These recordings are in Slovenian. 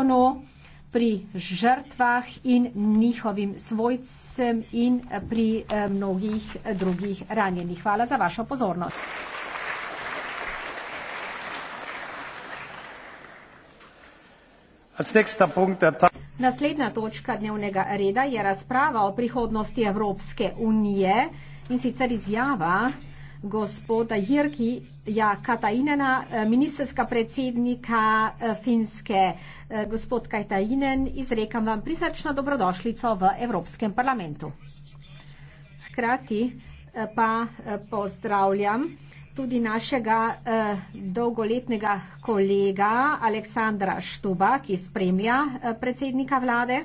zakonu, pri žrtvah in njihovim svojcem in pri eh, mnogih eh, drugih ranjenih. Hvala za vašo pozornost. Naslednja točka dnevnega reda je razprava o prihodnosti Evropske unije in sicer izjava gospoda Jirki ja, Katainena, eh, ministerska predsednika eh, Finske. Eh, gospod Katainen, izrekam vam prisrčno dobrodošlico v Evropskem parlamentu. Hkrati pa pozdravljam tudi našega dolgoletnega kolega Aleksandra Štuba, ki spremlja predsednika vlade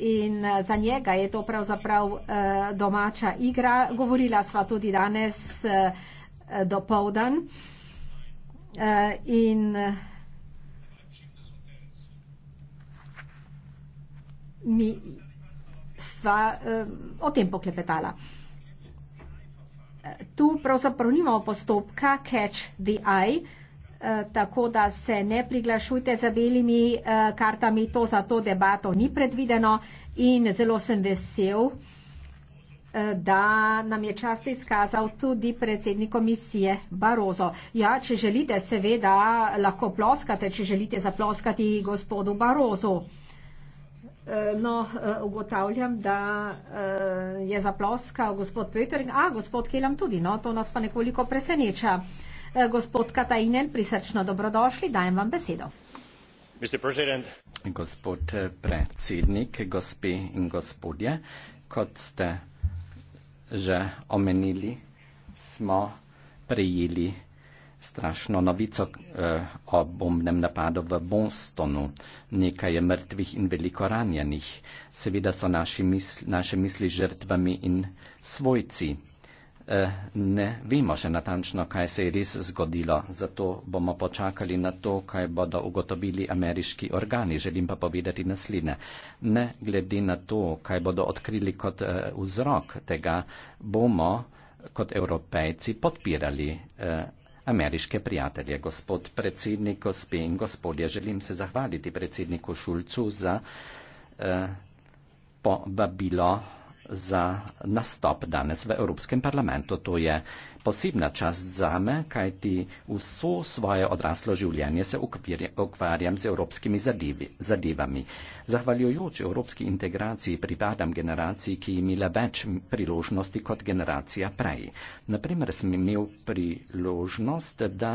in eh, za njega je to pravzaprav eh, domača igra. Govorila sva tudi danes eh, do povdan in mi sva o tem poklepetala. Tu pravzaprav nimamo postopka catch the eye, Eh, tako da se ne priglašujte za belimi eh, kartami, to za to debato ni predvideno in zelo sem vesel, eh, da nam je čast izkazal tudi predsednik komisije Barozo. Ja, če želite, seveda lahko ploskate, če želite zaploskati gospodu Barozo. No, ugotavljam, da je zaploskal gospod Petering, a gospod Kelam tudi, no, to nas pa nekoliko preseneča. Eh, gospod Katajinen, prisrčno dobrodošli, dajem vam besedo. Gospod eh, predsednik, gospe in gospodje, kot ste že omenili, smo prejeli strašno novico eh, o bombnem napadu v Bostonu. Nekaj je mrtvih in veliko ranjenih. Seveda so misli, naše misli žrtvami in svojci. Eh, ne vemo še natančno, kaj se je res zgodilo. Zato bomo počakali na to, kaj bodo ugotovili ameriški organi. Želim pa povedati naslednje. Ne glede na to, kaj bodo odkrili kot eh, vzrok tega, bomo kot evropejci podpirali eh, ameriške prijatelje. Gospod predsednik, gospe in gospodje, želim se zahvaliti predsedniku Šulcu za povabilo za nastop danes v Evropskem parlamentu. To je posebna čast zame, kajti vso svoje odraslo življenje se ukvarjam z evropskimi zadevami. Zahvaljujoč evropski integraciji pripadam generaciji, ki je imela več priložnosti kot generacija prej. Naprimer, sem imel priložnost, da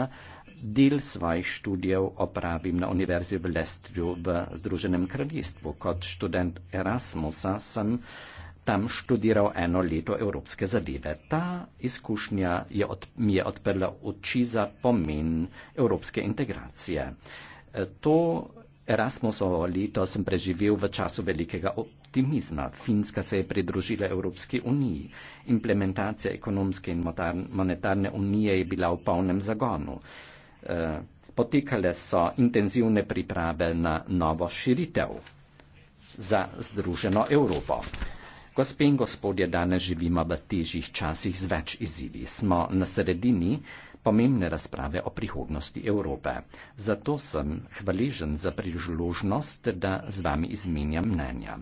del svojih študijev opravim na Univerzi v Lestvju v Združenem kraljestvu. Kot študent Erasmusa sem tam študiral eno leto evropske zadeve. Ta izkušnja je od, mi je odprla oči za pomen evropske integracije. E, to Erasmusovo leto sem preživel v času velikega optimizma. Finska se je pridružila Evropski uniji. Implementacija ekonomske in monetarne unije je bila v polnem zagonu. E, potekale so intenzivne priprave na novo širitev za združeno Evropo. Gospe in gospodje, danes živimo v težjih časih z več izzivi. Smo na sredini pomembne razprave o prihodnosti Evrope. Zato sem hvaležen za priložnost, da z vami izmenjam mnenja.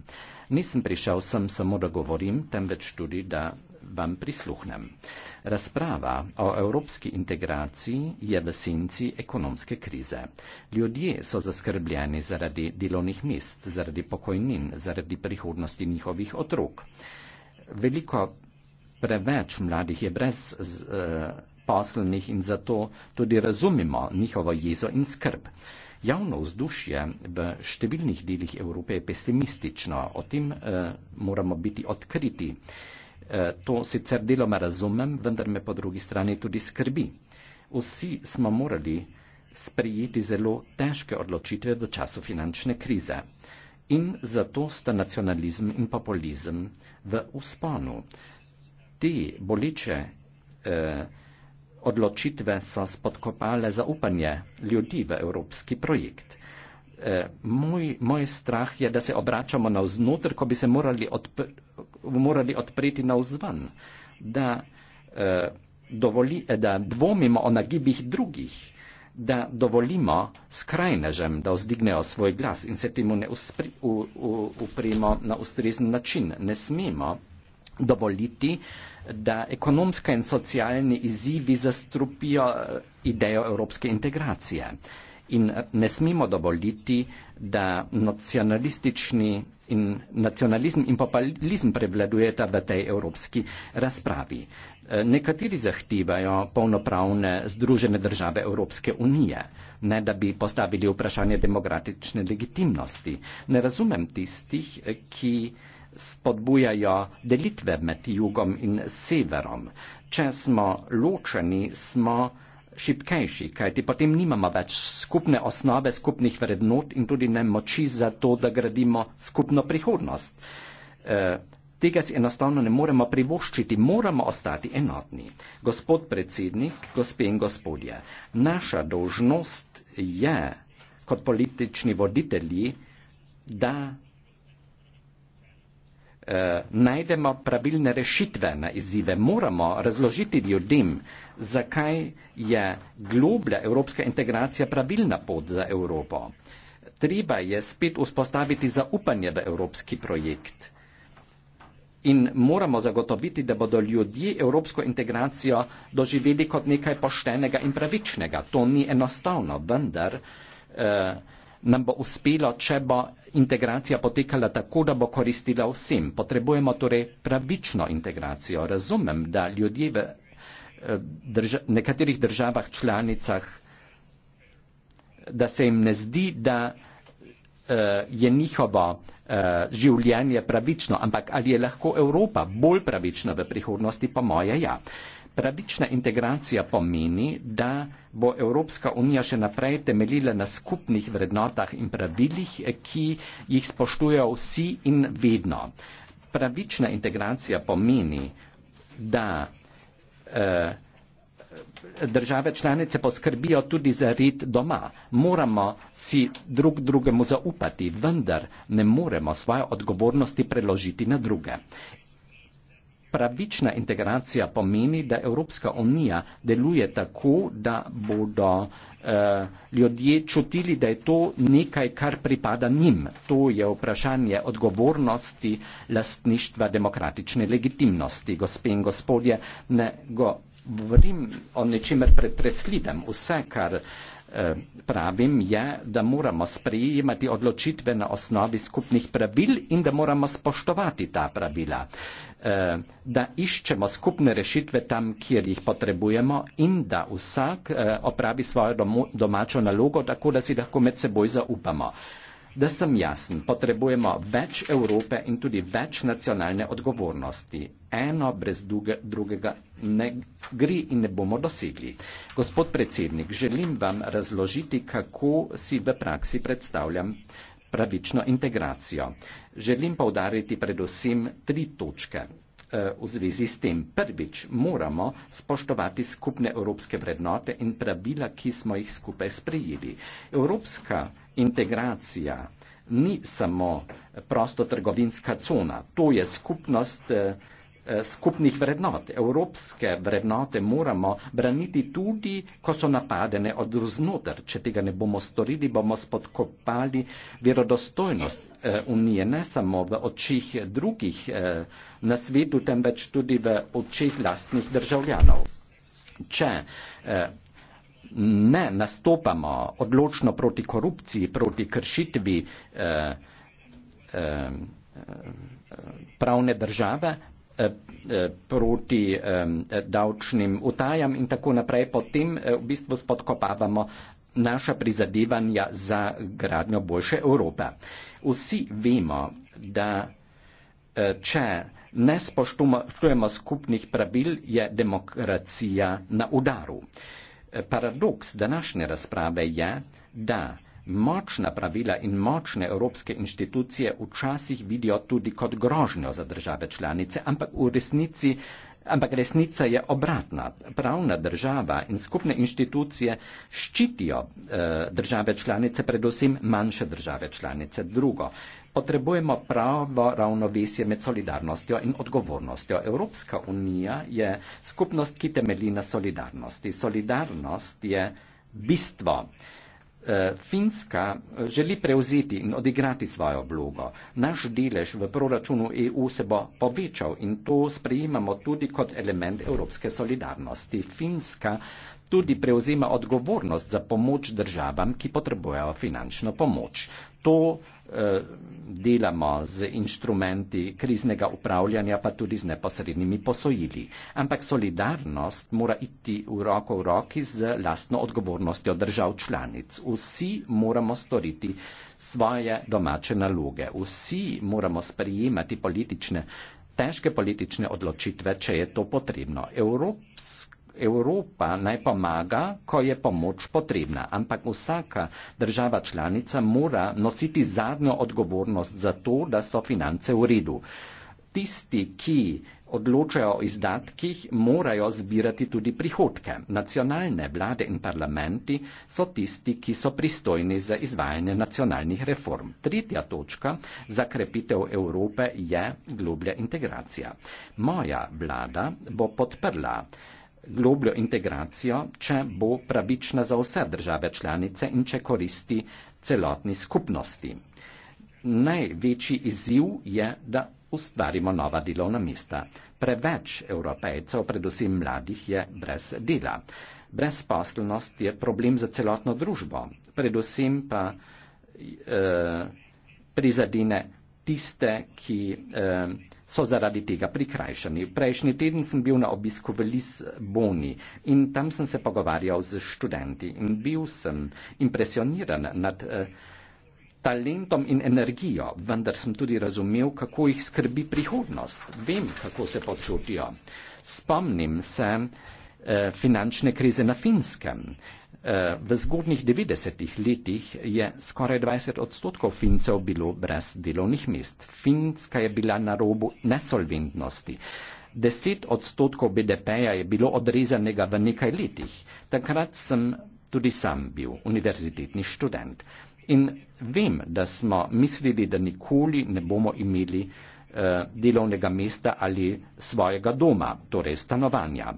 Nisem prišel sem samo, da govorim, temveč tudi, da vam prisluhnem. Razprava o evropski integraciji je v senci ekonomske krize. Ljudje so zaskrbljeni zaradi delovnih mest, zaradi pokojnin, zaradi prihodnosti njihovih otrok. Veliko preveč mladih je brez z, e, eh, poslenih in zato tudi razumemo njihovo jezo in skrb. Javno vzdušje v številnih delih Evrope je pesimistično, o tem e, moramo biti odkriti. Eh, to sicer deloma razumem, vendar me po drugi strani tudi skrbi. Vsi smo morali sprejeti zelo težke odločitve v času finančne krize. In zato sta nacionalizem in populizem v usponu. Te boliče eh, odločitve so spodkopale zaupanje ljudi v evropski projekt. Eh, moj, moj strah je, da se obračamo na vznotr, ko bi se morali odpr morali odpreti na vzven, da, eh, eh, da dvomimo o nagibih drugih, da dovolimo skrajnežem, da vzdignejo svoj glas in se temu ne uspri, u, u, upremo na ustrezen način. Ne smemo dovoliti, da ekonomske in socialne izzivi zastrupijo eh, idejo evropske integracije. In ne smemo dovoliti, da nacionalistični in nacionalizem in populizem prevladujeta v tej evropski razpravi. E, nekateri zahtevajo polnopravne združene države Evropske unije, ne da bi postavili vprašanje demokratične legitimnosti. Ne razumem tistih, ki spodbujajo delitve med jugom in severom. Če smo ločeni, smo šipkejši, kajti potem nimamo več skupne osnove, skupnih vrednot in tudi ne moči za to, da gradimo skupno prihodnost. E, tega si enostavno ne moremo privoščiti, moramo ostati enotni. Gospod predsednik, gospe in gospodje, naša dožnost je kot politični voditelji, da e, najdemo pravilne rešitve na izzive. Moramo razložiti ljudem, zakaj je globlja evropska integracija pravilna pot za Evropo. Treba je spet vzpostaviti zaupanje v evropski projekt in moramo zagotoviti, da bodo ljudje evropsko integracijo doživeli kot nekaj poštenega in pravičnega. To ni enostavno, vendar eh, nam bo uspelo, če bo integracija potekala tako, da bo koristila vsem. Potrebujemo torej pravično integracijo. Razumem, da ljudje v drža, nekaterih državah članicah, da se jim ne zdi, da uh, je njihovo uh, življenje pravično, ampak ali je lahko Evropa bolj pravična v prihodnosti, po moje ja. Pravična integracija pomeni, da bo Evropska unija še naprej temeljila na skupnih vrednotah in pravilih, ki jih spoštujejo vsi in vedno. Pravična integracija pomeni, da Eh, države članice poskrbijo tudi za rit doma. Moramo si drug drugemu zaupati, vendar ne moremo svoje odgovornosti preložiti na druge pravična integracija pomeni, da Evropska unija deluje tako, da bodo eh, ljudje čutili, da je to nekaj, kar pripada njim. To je vprašanje odgovornosti lastništva demokratične legitimnosti. Gospe in gospodje, ne govorim o nečemer pretreslidem. Vse, kar Eh, pravim, je, da moramo sprejemati odločitve na osnovi skupnih pravil in da moramo spoštovati ta pravila, eh, da iščemo skupne rešitve tam, kjer jih potrebujemo in da vsak eh, opravi svojo domačo nalogo, tako da si lahko med seboj zaupamo. Da sem jasen, potrebujemo več Evrope in tudi več nacionalne odgovornosti. Eno brez druge, drugega ne gre in ne bomo dosegli. Gospod predsednik, želim vam razložiti, kako si v praksi predstavljam pravično integracijo. Želim poudariti predvsem tri točke. E, v zvezi s tem. Prvič moramo spoštovati skupne evropske vrednote in pravila, ki smo jih skupaj sprejeli. Evropska integracija ni samo prostotrgovinska cona, to je skupnost eh, Eh, skupnih vrednot. Evropske vrednote moramo braniti tudi, ko so napadene od znotraj. Če tega ne bomo storili, bomo spodkopali verodostojnost eh, Unije, ne samo v očih drugih eh, na svetu, temveč tudi v očih lastnih državljanov. Če ne nastopamo odločno proti korupciji, proti kršitvi pravne države, Eh, eh, proti eh, davčnim utajam in tako naprej. Potem v bistvu spodkopavamo naša prizadevanja za gradnjo boljše Evrope. Vsi vemo, da če ne spoštujemo skupnih pravil, je demokracija na udaru. Paradoks današnje razprave je, da močna pravila in močne evropske inštitucije včasih vidijo tudi kot grožnjo za države članice, ampak v resnici. Ampak resnica je obratna. Pravna država in skupne inštitucije ščitijo eh, države članice, predvsem manjše države članice. Drugo, potrebujemo pravo ravnovesje med solidarnostjo in odgovornostjo. Evropska unija je skupnost, ki temelji na solidarnosti. Solidarnost je bistvo eh, Eh, Finska eh, želi prevzeti in odigrati svojo vlogo. Naš delež v proračunu EU se bo povečal in to sprejemamo tudi kot element evropske solidarnosti. Finska tudi prevzema odgovornost za pomoč državam, ki potrebujejo finančno pomoč. To Eh, delamo z inštrumenti kriznega upravljanja, pa tudi z neposrednimi posojili. Ampak solidarnost mora iti v roko v roki z lastno odgovornostjo držav članic. Vsi moramo storiti svoje domače naloge. Vsi moramo sprijemati politične, težke politične odločitve, če je to potrebno. Evropska Evropa naj pomaga, ko je pomoč potrebna, ampak vsaka država članica mora nositi zadnjo odgovornost za to, da so finance v redu. Tisti, ki odločajo o izdatkih, morajo zbirati tudi prihodke. Nacionalne vlade in parlamenti so tisti, ki so pristojni za izvajanje nacionalnih reform. Tretja točka za krepitev Evrope je globlja integracija. Moja vlada bo podprla globljo integracijo, če bo pravična za vse države članice in če koristi celotni skupnosti. Največji izziv je, da ustvarimo nova delovna mesta. Preveč evropejcev, predvsem mladih, je brez dela. Brezposlenost je problem za celotno družbo, predvsem pa eh, prizadine tiste, ki eh, so zaradi tega prikrajšani. Prejšnji teden sem bil na obisku v Lisboni in tam sem se pogovarjal z študenti in bil sem impresioniran nad eh, talentom in energijo, vendar sem tudi razumel, kako jih skrbi prihodnost. Vem, kako se počutijo. Spomnim se eh, finančne krize na Finskem Eh, v zgodnih 90-ih letih je skoraj 20 odstotkov fincev bilo brez delovnih mest. Finska je bila na robu nesolventnosti. 10 odstotkov BDP-ja je bilo odrezanega v nekaj letih. Takrat sem tudi sam bil univerzitetni študent. In vem, da smo mislili, da nikoli ne bomo imeli eh, delovnega mesta ali svojega doma, torej stanovanja.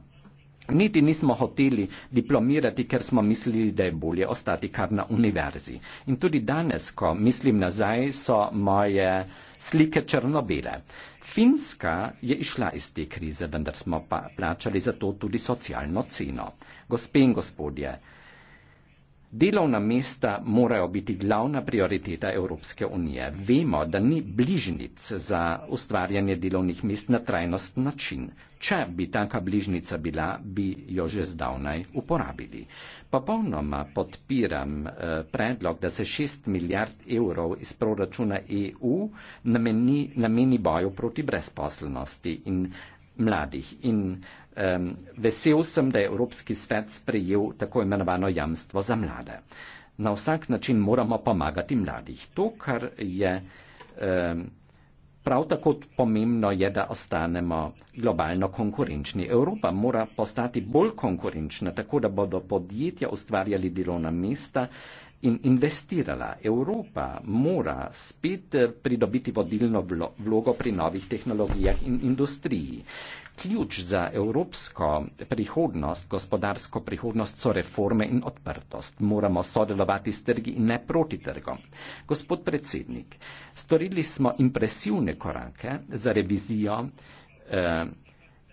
Niti nismo hoteli diplomirati, ker smo mislili, da je bolje ostati kar na univerzi. In tudi danes, ko mislim nazaj, so moje slike črnobele. Finska je išla iz te krize, vendar smo pa plačali za to tudi socialno ceno. Gospe in gospodje, Delovna mesta morajo biti glavna prioriteta Evropske unije. Vemo, da ni bližnic za ustvarjanje delovnih mest na trajnost način. Če bi taka bližnica bila, bi jo že zdavnaj uporabili. Popolnoma podpiram eh, predlog, da se 6 milijard evrov iz proračuna EU nameni, nameni boju proti brezposlenosti in mladih. In um, vesel sem, da je Evropski svet sprejel tako imenovano jamstvo za mlade. Na vsak način moramo pomagati mladih. To, kar je um, prav tako pomembno, je, da ostanemo globalno konkurenčni. Evropa mora postati bolj konkurenčna, tako da bodo podjetja ustvarjali delovna mesta. In investirala. Evropa mora spet eh, pridobiti vodilno vlogo pri novih tehnologijah in industriji ključ za evropsko prihodnost, gospodarsko prihodnost so reforme in odprtost. Moramo sodelovati s trgi in ne proti trgom. Gospod predsednik, storili smo impresivne korake za revizijo. Eh,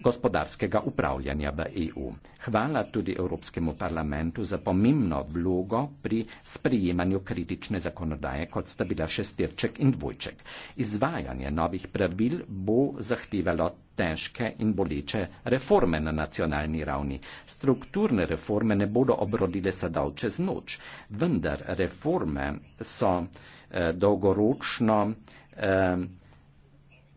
gospodarskega upravljanja v EU. Hvala tudi Evropskemu parlamentu za pomembno vlogo pri sprejemanju kritične zakonodaje, kot sta bila šestirček in dvojček. Izvajanje novih pravil bo zahtevalo težke in boleče reforme na nacionalni ravni. Strukturne reforme ne bodo obrodile sadov čez noč, vendar reforme so eh, dolgoročno eh,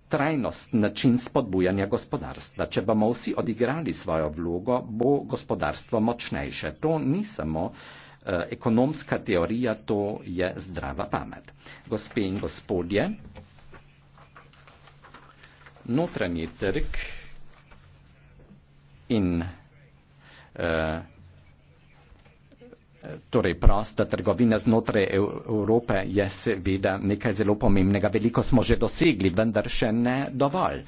trajnost način spodbujanja gospodarstva. Če bomo vsi odigrali svojo vlogo, bo gospodarstvo močnejše. To ni samo eh, ekonomska teorija, to je zdrava pamet. Gospe in gospodje, notranji trg in eh, Torej, prosta trgovina znotraj Evrope je seveda nekaj zelo pomembnega. Veliko smo že dosegli, vendar še ne dovolj.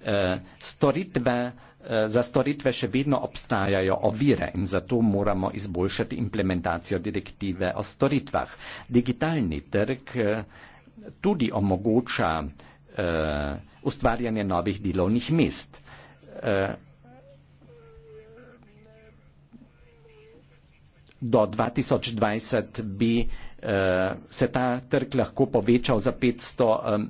Eh, storitve, eh, za storitve še vedno obstajajo ovire in zato moramo izboljšati implementacijo direktive o storitvah. Digitalni trg eh, tudi omogoča ustvarjanje novih delovnih mest. do 2020 bi eh, se ta trg lahko povečal za 500 eh,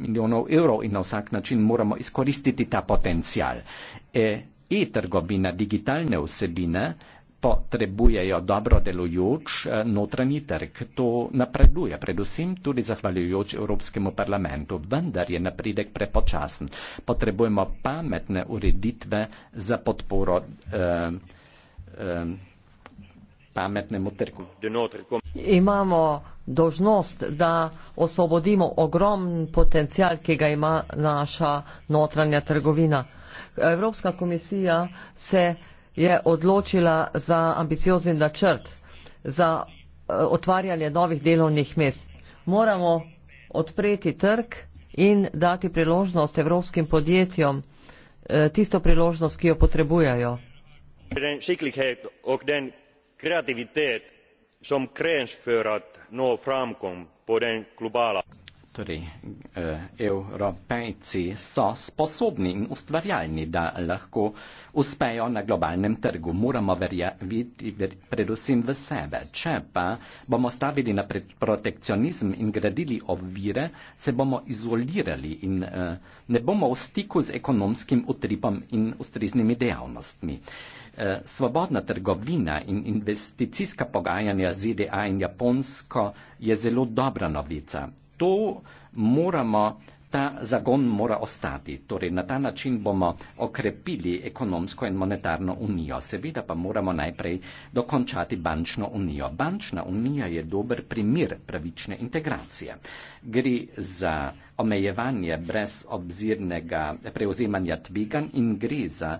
milijonov evrov in na vsak način moramo izkoristiti ta potencial. E, e-trgovina, digitalne vsebine potrebujejo dobro delujoč eh, notranji trg. To napreduje, predvsem tudi zahvaljujoč Evropskemu parlamentu, vendar je napredek prepočasen. Potrebujemo pametne ureditve za podporo eh, eh, pametnemu trgu. Imamo dožnost, da osvobodimo ogromen potencial, ki ga ima naša notranja trgovina. Evropska komisija se je odločila za ambiciozen načrt, za eh, otvarjanje novih delovnih mest. Moramo odpreti trg in dati priložnost evropskim podjetjem eh, tisto priložnost, ki jo potrebujajo kreativitet som gränsförat nå framgång på den globala Torej, evropejci eh, so sposobni in ustvarjalni, da lahko uspejo na globalnem trgu. Moramo verjeti ver, predvsem v sebe. Če pa bomo stavili na protekcionizem in gradili ovire, se bomo izolirali in eh, ne bomo v stiku z ekonomskim utripom in ustreznimi dejavnostmi. Eh, Eh, svobodna trgovina in investicijska pogajanja ZDA in Japonsko je zelo dobra novica. To moramo ta zagon mora ostati. Torej, na ta način bomo okrepili ekonomsko in monetarno unijo. Seveda pa moramo najprej dokončati bančno unijo. Bančna unija je dober primir pravične integracije. Gre za omejevanje brez obzirnega preuzemanja tvegan in gre za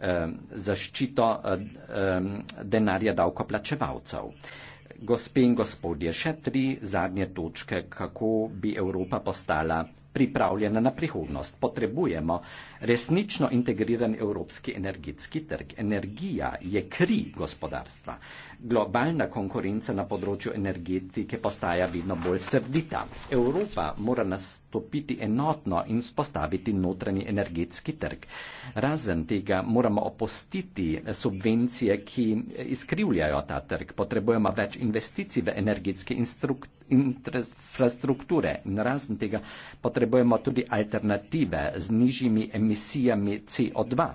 eh, zaščito eh, eh, denarja davkoplačevalcev. Gospe in gospodje, še tri zadnje točke, kako bi Evropa postala pripravljena na prihodnost. Potrebujemo resnično integriran evropski energetski trg. Energija je kri gospodarstva. Globalna konkurenca na področju energetike postaja vedno bolj srdita. Evropa mora nastopiti enotno in spostaviti notranji energetski trg. Razen tega moramo opustiti subvencije, ki izkrivljajo ta trg. Potrebujemo več investicij v energetske instrukture infrastrukture. Razen tega potrebujemo tudi alternative z nižjimi emisijami emisijami CO2.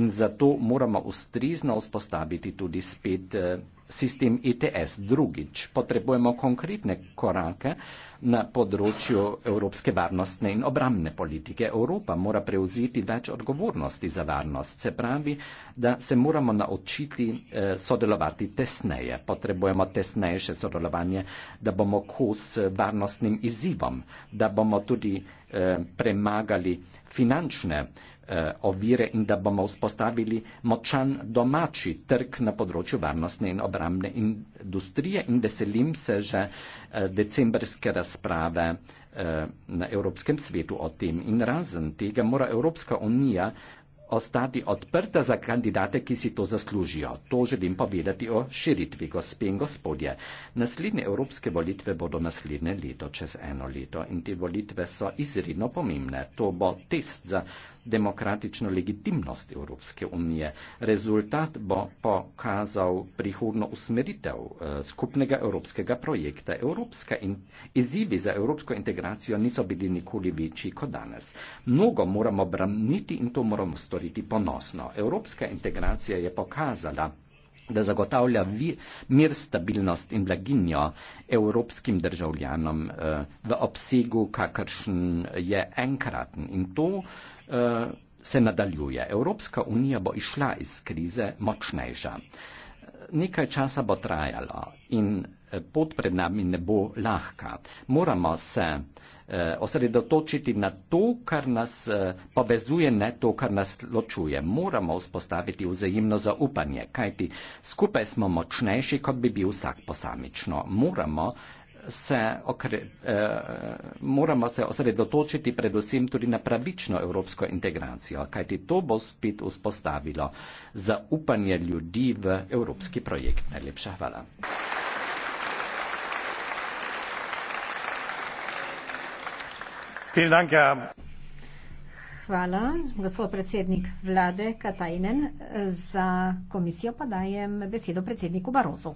In zato moramo ustrezno vzpostaviti tudi spet eh, sistem ETS. Drugič, potrebujemo konkretne korake, na področju evropske varnostne in obramne politike. Evropa mora prevzeti več odgovornosti za varnost, se pravi, da se moramo naučiti eh, sodelovati tesneje. Potrebujemo tesnejše sodelovanje, da bomo kos varnostnim izzivom, da bomo tudi eh, premagali finančne eh, eh, ovire in da bomo vzpostavili močan domači trg na področju varnostne in obramne industrije in veselim se že eh, decembrske razprave eh, na Evropskem svetu o tem. In razen tega mora Evropska unija ostati odprta za kandidate, ki si to zaslužijo. To želim povedati o širitvi, gospe in gospodje. Naslednje evropske volitve bodo naslednje leto, čez eno leto. In te volitve so izredno pomembne. To bo test za demokratično legitimnost Evropske unije. Rezultat bo pokazal prihodno usmeritev eh, skupnega evropskega projekta. Evropska in izzivi za evropsko integracijo niso bili nikoli večji kot danes. Mnogo moramo braniti in to moramo storiti ponosno. Evropska integracija je pokazala, da zagotavlja mir, stabilnost in blaginjo evropskim državljanom eh, v obsegu, kakršen je enkraten. In to eh, se nadaljuje. Evropska unija bo išla iz krize močnejša. Nekaj časa bo trajalo in eh, pot pred nami ne bo lahka. Moramo se uh, Eh, osredotočiti na to, kar nas eh, povezuje, ne to, kar nas ločuje. Moramo vzpostaviti vzajemno zaupanje, kajti skupaj smo močnejši, kot bi bil vsak posamično. Moramo se, okre, eh, moramo se osredotočiti predvsem tudi na pravično evropsko integracijo, kajti to bo spet vzpostavilo zaupanje ljudi v evropski projekt. Najlepša hvala. Hvala, gospod predsednik vlade Katajnen. Za komisijo pa dajem besedo predsedniku Barozu.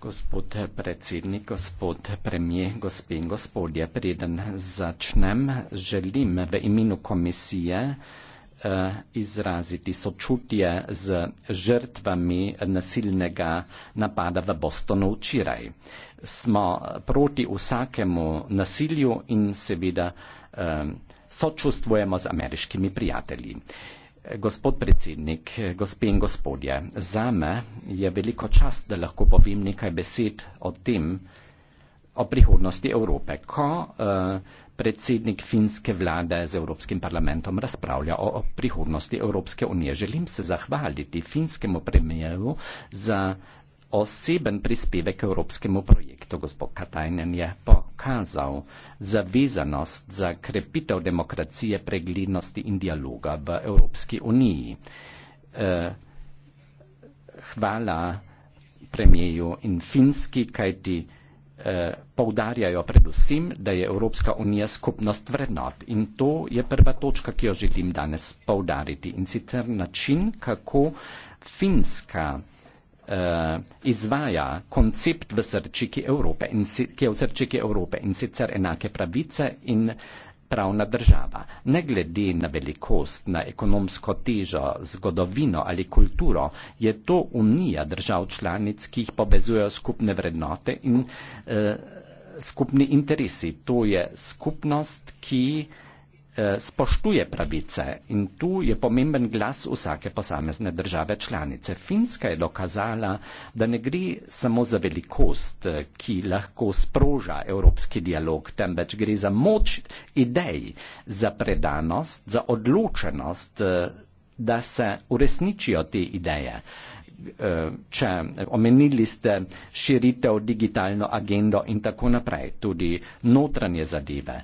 Gospod predsednik, gospod premije, gospe in gospodje, preden začnem, želim v imenu komisije Eh, izraziti sočutje z žrtvami nasilnega napada v Bostonu včeraj. Smo proti vsakemu nasilju in seveda eh, sočustvujemo z ameriškimi prijatelji. Gospod predsednik, gospe in gospodje, za me je veliko čast, da lahko povem nekaj besed o tem, o prihodnosti Evrope, ko uh, predsednik finske vlade z Evropskim parlamentom razpravlja o, o prihodnosti Evropske unije. Želim se zahvaliti finskemu premijeru za oseben prispevek k evropskemu projektu. Gospod Katajnen je pokazal zavezanost za krepitev demokracije, preglednosti in dialoga v Evropski uniji. Uh, hvala premijeju in finski, kajti eh, poudarjajo predvsem, da je Evropska unija skupnost vrednot. In to je prva točka, ki jo želim danes poudariti. In sicer način, kako Finska eh, izvaja koncept v srčiki Evrope, in, ki je v srčiki Evrope in sicer enake pravice in uh, pravna država. Ne glede na velikost, na ekonomsko težo, zgodovino ali kulturo, je to unija držav članic, ki jih povezujejo skupne vrednote in eh, skupni interesi. To je skupnost, ki eh, Eh, spoštuje pravice in tu je pomemben glas vsake posamezne države članice. Finska je dokazala, da ne gre samo za velikost, eh, ki lahko sproža evropski dialog, temveč gre za moč idej, za predanost, za odločenost, eh, da se uresničijo te ideje. Eh, če omenili ste širitev digitalno agendo in tako naprej, tudi notranje zadeve.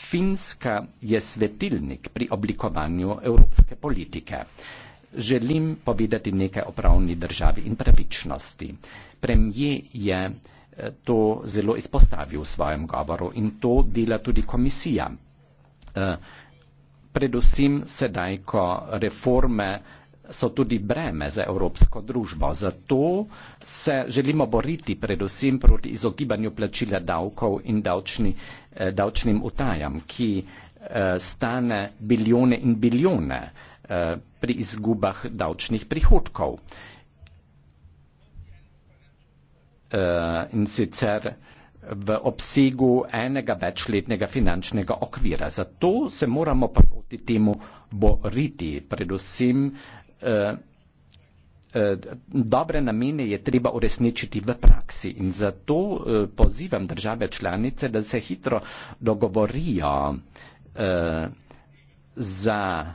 Finska je svetilnik pri oblikovanju evropske politike. Želim povedati nekaj o pravni državi in pravičnosti. Premije je eh, to zelo izpostavil v svojem govoru in to dela tudi komisija. Eh, predvsem sedaj, ko reforme so tudi breme za evropsko družbo. Zato se želimo boriti predvsem proti izogibanju plačila davkov in davčni, eh, davčnim utajam, ki eh, stane bilijone in bilijone eh, pri izgubah davčnih prihodkov. Eh, in sicer v obsegu enega večletnega finančnega okvira. Zato se moramo proti temu boriti, predvsem Eh, eh, dobre namene je treba uresničiti v praksi in zato eh, pozivam države članice, da se hitro dogovorijo za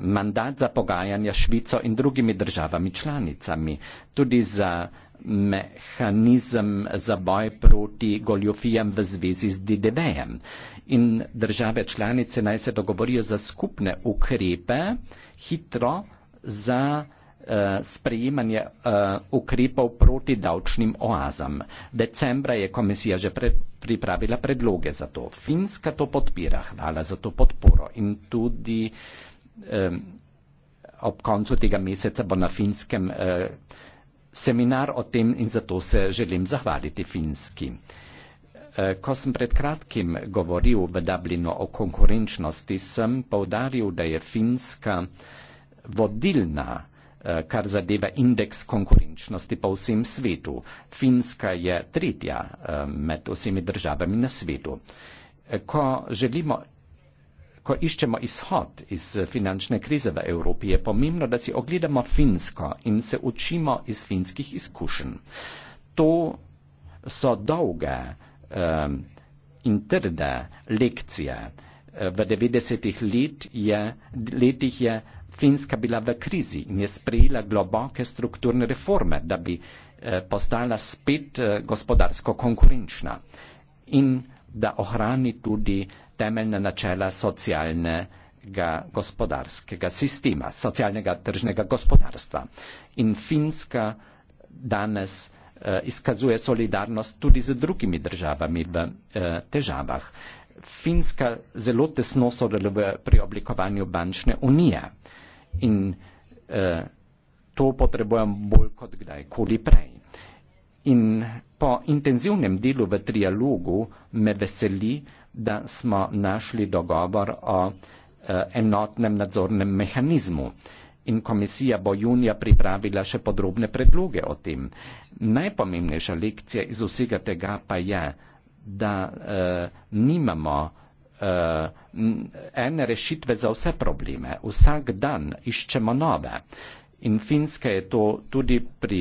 mandat za pogajanja Švico in drugimi državami članicami, tudi za mehanizem za boj proti goljofijam v zvezi z DDB-jem. In države članice naj se dogovorijo za skupne ukrepe hitro za eh, sprejemanje uh, ukrepov proti davčnim oazam. Decembra je komisija že pre pripravila predloge za to. Finska to podpira, hvala za to podporo. In tudi um, ob koncu tega meseca bo na finskem uh, seminar o tem in zato se želim zahvaliti finski. Uh, Eh, ko sem pred kratkim govoril v Dublinu o konkurenčnosti, sem povdaril, da je Finska vodilna eh, kar zadeva indeks konkurenčnosti po vsem svetu. Finska je tretja eh, med vsemi državami na svetu. Ko, želimo, ko iščemo izhod iz finančne krize v Evropi, je pomembno, da si ogledamo Finsko in se učimo iz finskih izkušenj. To so dolge Um, in trda lekcija. V 90. Let je, letih je Finska bila v krizi in je sprejela globoke strukturne reforme, da bi eh, postala spet eh, gospodarsko konkurenčna in da ohrani tudi temeljna načela socialnega gospodarskega sistema, socialnega tržnega gospodarstva. In Finska danes Eh, izkazuje solidarnost tudi z drugimi državami v eh, težavah. Finska zelo tesno sodeluje pri oblikovanju bančne unije in eh, to potrebujem bolj kot kdajkoli prej. In po intenzivnem delu v trialogu me veseli, da smo našli dogovor o enotnem nadzornem mehanizmu in komisija bo junija pripravila še podrobne predloge o tem. Najpomembnejša lekcija iz vsega tega pa je, da uh, nimamo uh, ene rešitve za vse probleme. Vsak dan iščemo nove. In Finska je to tudi pri,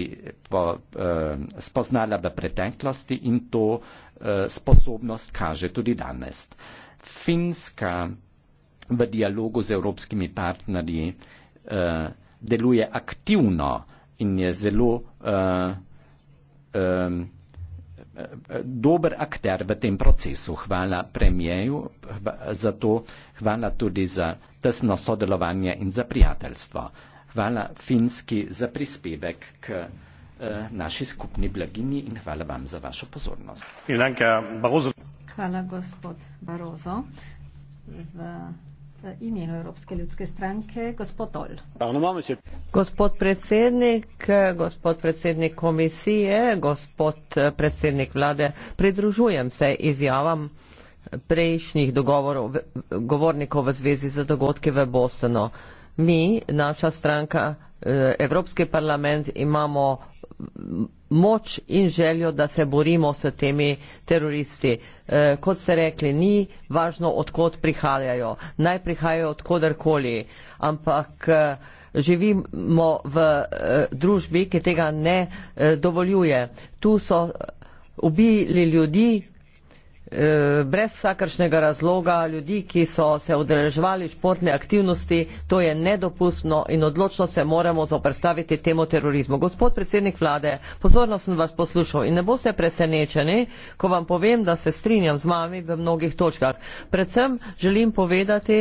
po, eh, spoznala v preteklosti in to eh, sposobnost kaže tudi danes. Finska v dialogu z evropskimi partnerji eh, uh, deluje aktivno in je zelo uh, um, dober akter v tem procesu. Hvala premijeju za to, hvala tudi za tesno sodelovanje in za prijateljstvo. Hvala Finski za prispevek k uh, naši skupni blagini in hvala vam za vašo pozornost. Hvala, gospod Barozo. V V eh, imenu Evropske ljudske stranke, gospod Ol. Gospod predsednik, gospod predsednik komisije, gospod eh, predsednik vlade, pridružujem se izjavam prejšnjih dogovorov, govornikov v zvezi z dogodki v Bostonu. Mi, naša stranka, eh, Evropski parlament imamo moč in željo, da se borimo s temi teroristi. E, kot ste rekli, ni važno, odkot prihajajo. Naj prihajajo odkudarkoli, ampak e, živimo v e, družbi, ki tega ne e, dovoljuje. Tu so ubili ljudi, Eh, brez vsakršnega razloga ljudi, ki so se udeleževali športne aktivnosti, to je nedopustno in odločno se moramo zoprstaviti temu terorizmu. Gospod predsednik vlade, pozorno sem vas poslušal in ne boste presenečeni, ko vam povem, da se strinjam z vami v mnogih točkah. Predvsem želim povedati,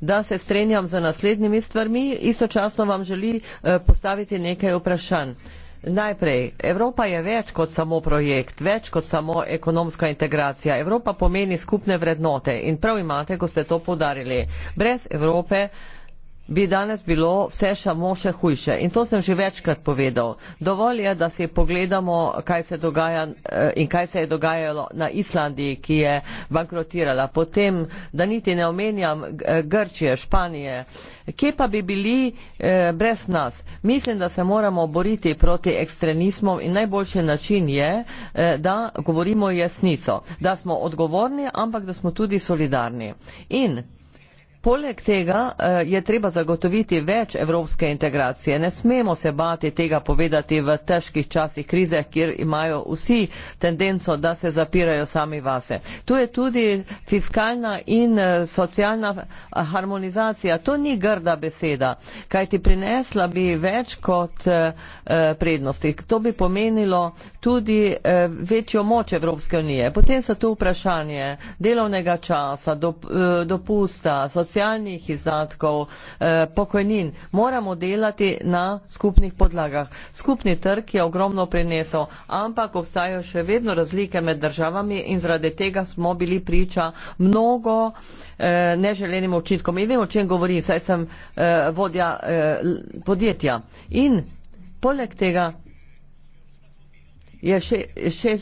da se strinjam z naslednjimi stvarmi, istočasno vam želim eh, postaviti nekaj vprašanj. Najprej, Evropa je več kot samo projekt, več kot samo ekonomska integracija. Evropa pomeni skupne vrednote in prav imate, ko ste to podarili. Brez Evrope bi danes bilo vse samo še hujše. In to sem že večkrat povedal. Dovolj je, da si pogledamo, kaj se dogaja eh, in kaj se je dogajalo na Islandiji, ki je bankrotirala. Potem, da niti ne omenjam eh, Grčije, Španije. Kje pa bi bili eh, brez nas? Mislim, da se moramo boriti proti ekstremizmom in najboljši način je, eh, da govorimo jasnico, da smo odgovorni, ampak da smo tudi solidarni. In Poleg tega eh, je treba zagotoviti več evropske integracije. Ne smemo se bati tega povedati v težkih časih krize, kjer imajo vsi tendenco, da se zapirajo sami vase. Tu je tudi fiskalna in eh, socialna eh, harmonizacija. To ni grda beseda, kaj ti prinesla bi več kot prednosti. To bi pomenilo tudi večjo moč Evropske unije. Potem so tu vprašanje delovnega časa, dopusta, socialnega socialnih izdatkov, eh, pokojnin. Moramo delati na skupnih podlagah. Skupni trg je ogromno prinesel, ampak obstajajo še vedno razlike med državami in zaradi tega smo bili priča mnogo eh, neželenim očitkom. In vem, o čem govorim, saj sem eh, vodja podjetja. In poleg tega je še, še,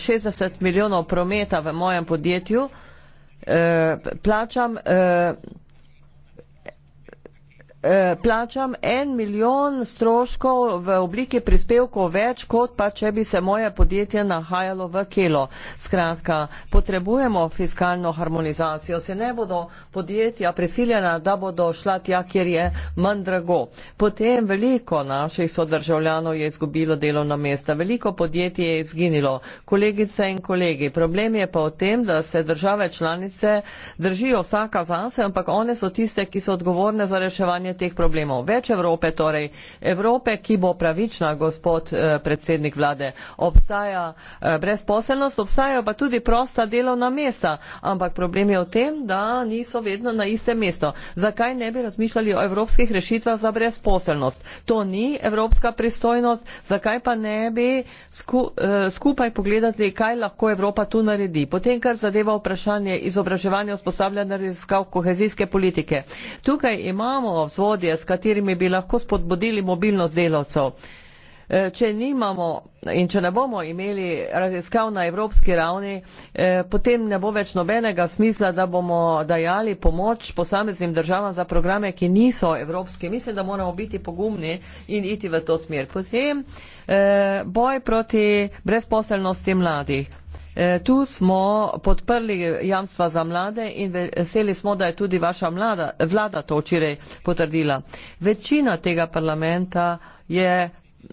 60 milijonov prometa v mojem podjetju, Eh, plačam uh, Eh, plačam en milijon stroškov v obliki prispevkov več, kot pa če bi se moje podjetje nahajalo v kilo. Skratka, potrebujemo fiskalno harmonizacijo, se ne bodo podjetja prisiljena, da bodo šla tja, kjer je manj drago. Potem veliko naših sodržavljanov je izgubilo delovna mesta, veliko podjetij je izginilo. Kolegice in kolegi, problem je pa v tem, da se države članice držijo vsaka zase, ampak one so tiste, ki so odgovorne za reševanje teh problemov. Več Evrope, torej Evrope, ki bo pravična, gospod eh, predsednik vlade. Obstaja eh, brezposelnost, obstajajo pa tudi prosta delovna mesta, ampak problem je v tem, da niso vedno na istem mestu. Zakaj ne bi razmišljali o evropskih rešitvah za brezposelnost? To ni evropska pristojnost. Zakaj pa ne bi sku, eh, skupaj pogledati, kaj lahko Evropa tu naredi? Potem, kar zadeva vprašanje izobraževanja, usposabljanja, raziskav, kohezijske politike. Tukaj imamo v vodje, s katerimi bi lahko spodbudili mobilnost delavcev. E, če nimamo in če ne bomo imeli raziskav na evropski ravni, e, potem ne bo več nobenega smisla, da bomo dajali pomoč posameznim državam za programe, ki niso evropski. Mislim, da moramo biti pogumni in iti v to smer. Potem e, boj proti brezposelnosti mladih. E, tu smo podprli jamstva za mlade in veseli smo, da je tudi vaša mlada, vlada to včeraj potrdila. Večina tega parlamenta je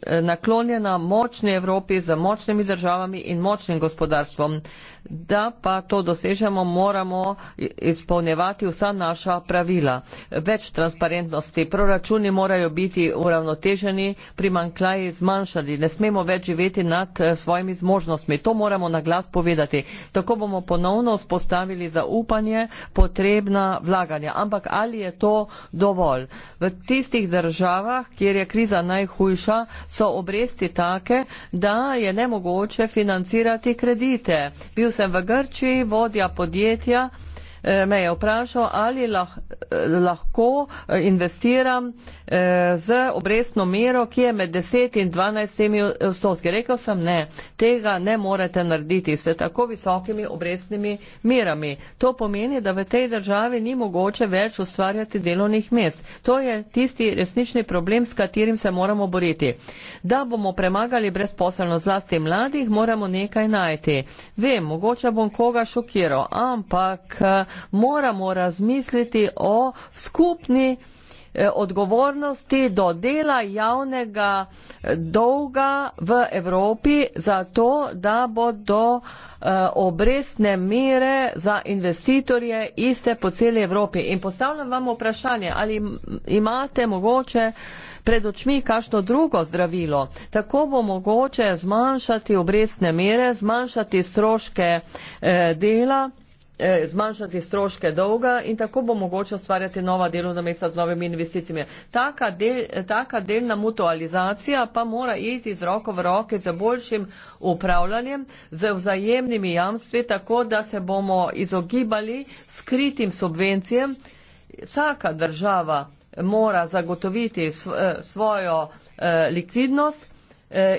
e, naklonjena močni Evropi z močnimi državami in močnim gospodarstvom da pa to dosežemo, moramo izpolnjevati vsa naša pravila. Več transparentnosti, proračuni morajo biti uravnoteženi, primankljaji zmanjšani, ne smemo več živeti nad eh, svojimi zmožnostmi. To moramo na glas povedati. Tako bomo ponovno spostavili zaupanje, potrebna vlaganja. Ampak ali je to dovolj? V tistih državah, kjer je kriza najhujša, so obresti take, da je nemogoče financirati kredite. Bil sem v Grčiji, vodja podjetja, me je vprašal, ali lah, lahko eh, investiram eh, z obrestno mero, ki je med 10 in 12 odstotki. Rekel sem ne, tega ne morete narediti s tako visokimi obrestnimi merami. To pomeni, da v tej državi ni mogoče več ustvarjati delovnih mest. To je tisti resnični problem, s katerim se moramo boriti. Da bomo premagali brezposelnost zlasti mladih, moramo nekaj najti. Vem, mogoče bom koga šokiral, ampak eh, moramo razmisliti o skupni eh, odgovornosti do dela javnega eh, dolga v Evropi za to, da bodo eh, obrestne mere za investitorje iste po celi Evropi. In postavljam vam vprašanje, ali imate mogoče pred očmi kakšno drugo zdravilo. Tako bo mogoče zmanjšati obrestne mere, zmanjšati stroške dela. Eh, zmanjšati stroške dolga in tako bo mogoče ustvarjati nova delovna mesta z novimi investicijami. Taka, del, taka delna mutualizacija pa mora iti z roko v roke z boljšim upravljanjem, z vzajemnimi jamstvi, tako da se bomo izogibali skritim subvencijam. Vsaka država mora zagotoviti eh, svojo eh, likvidnost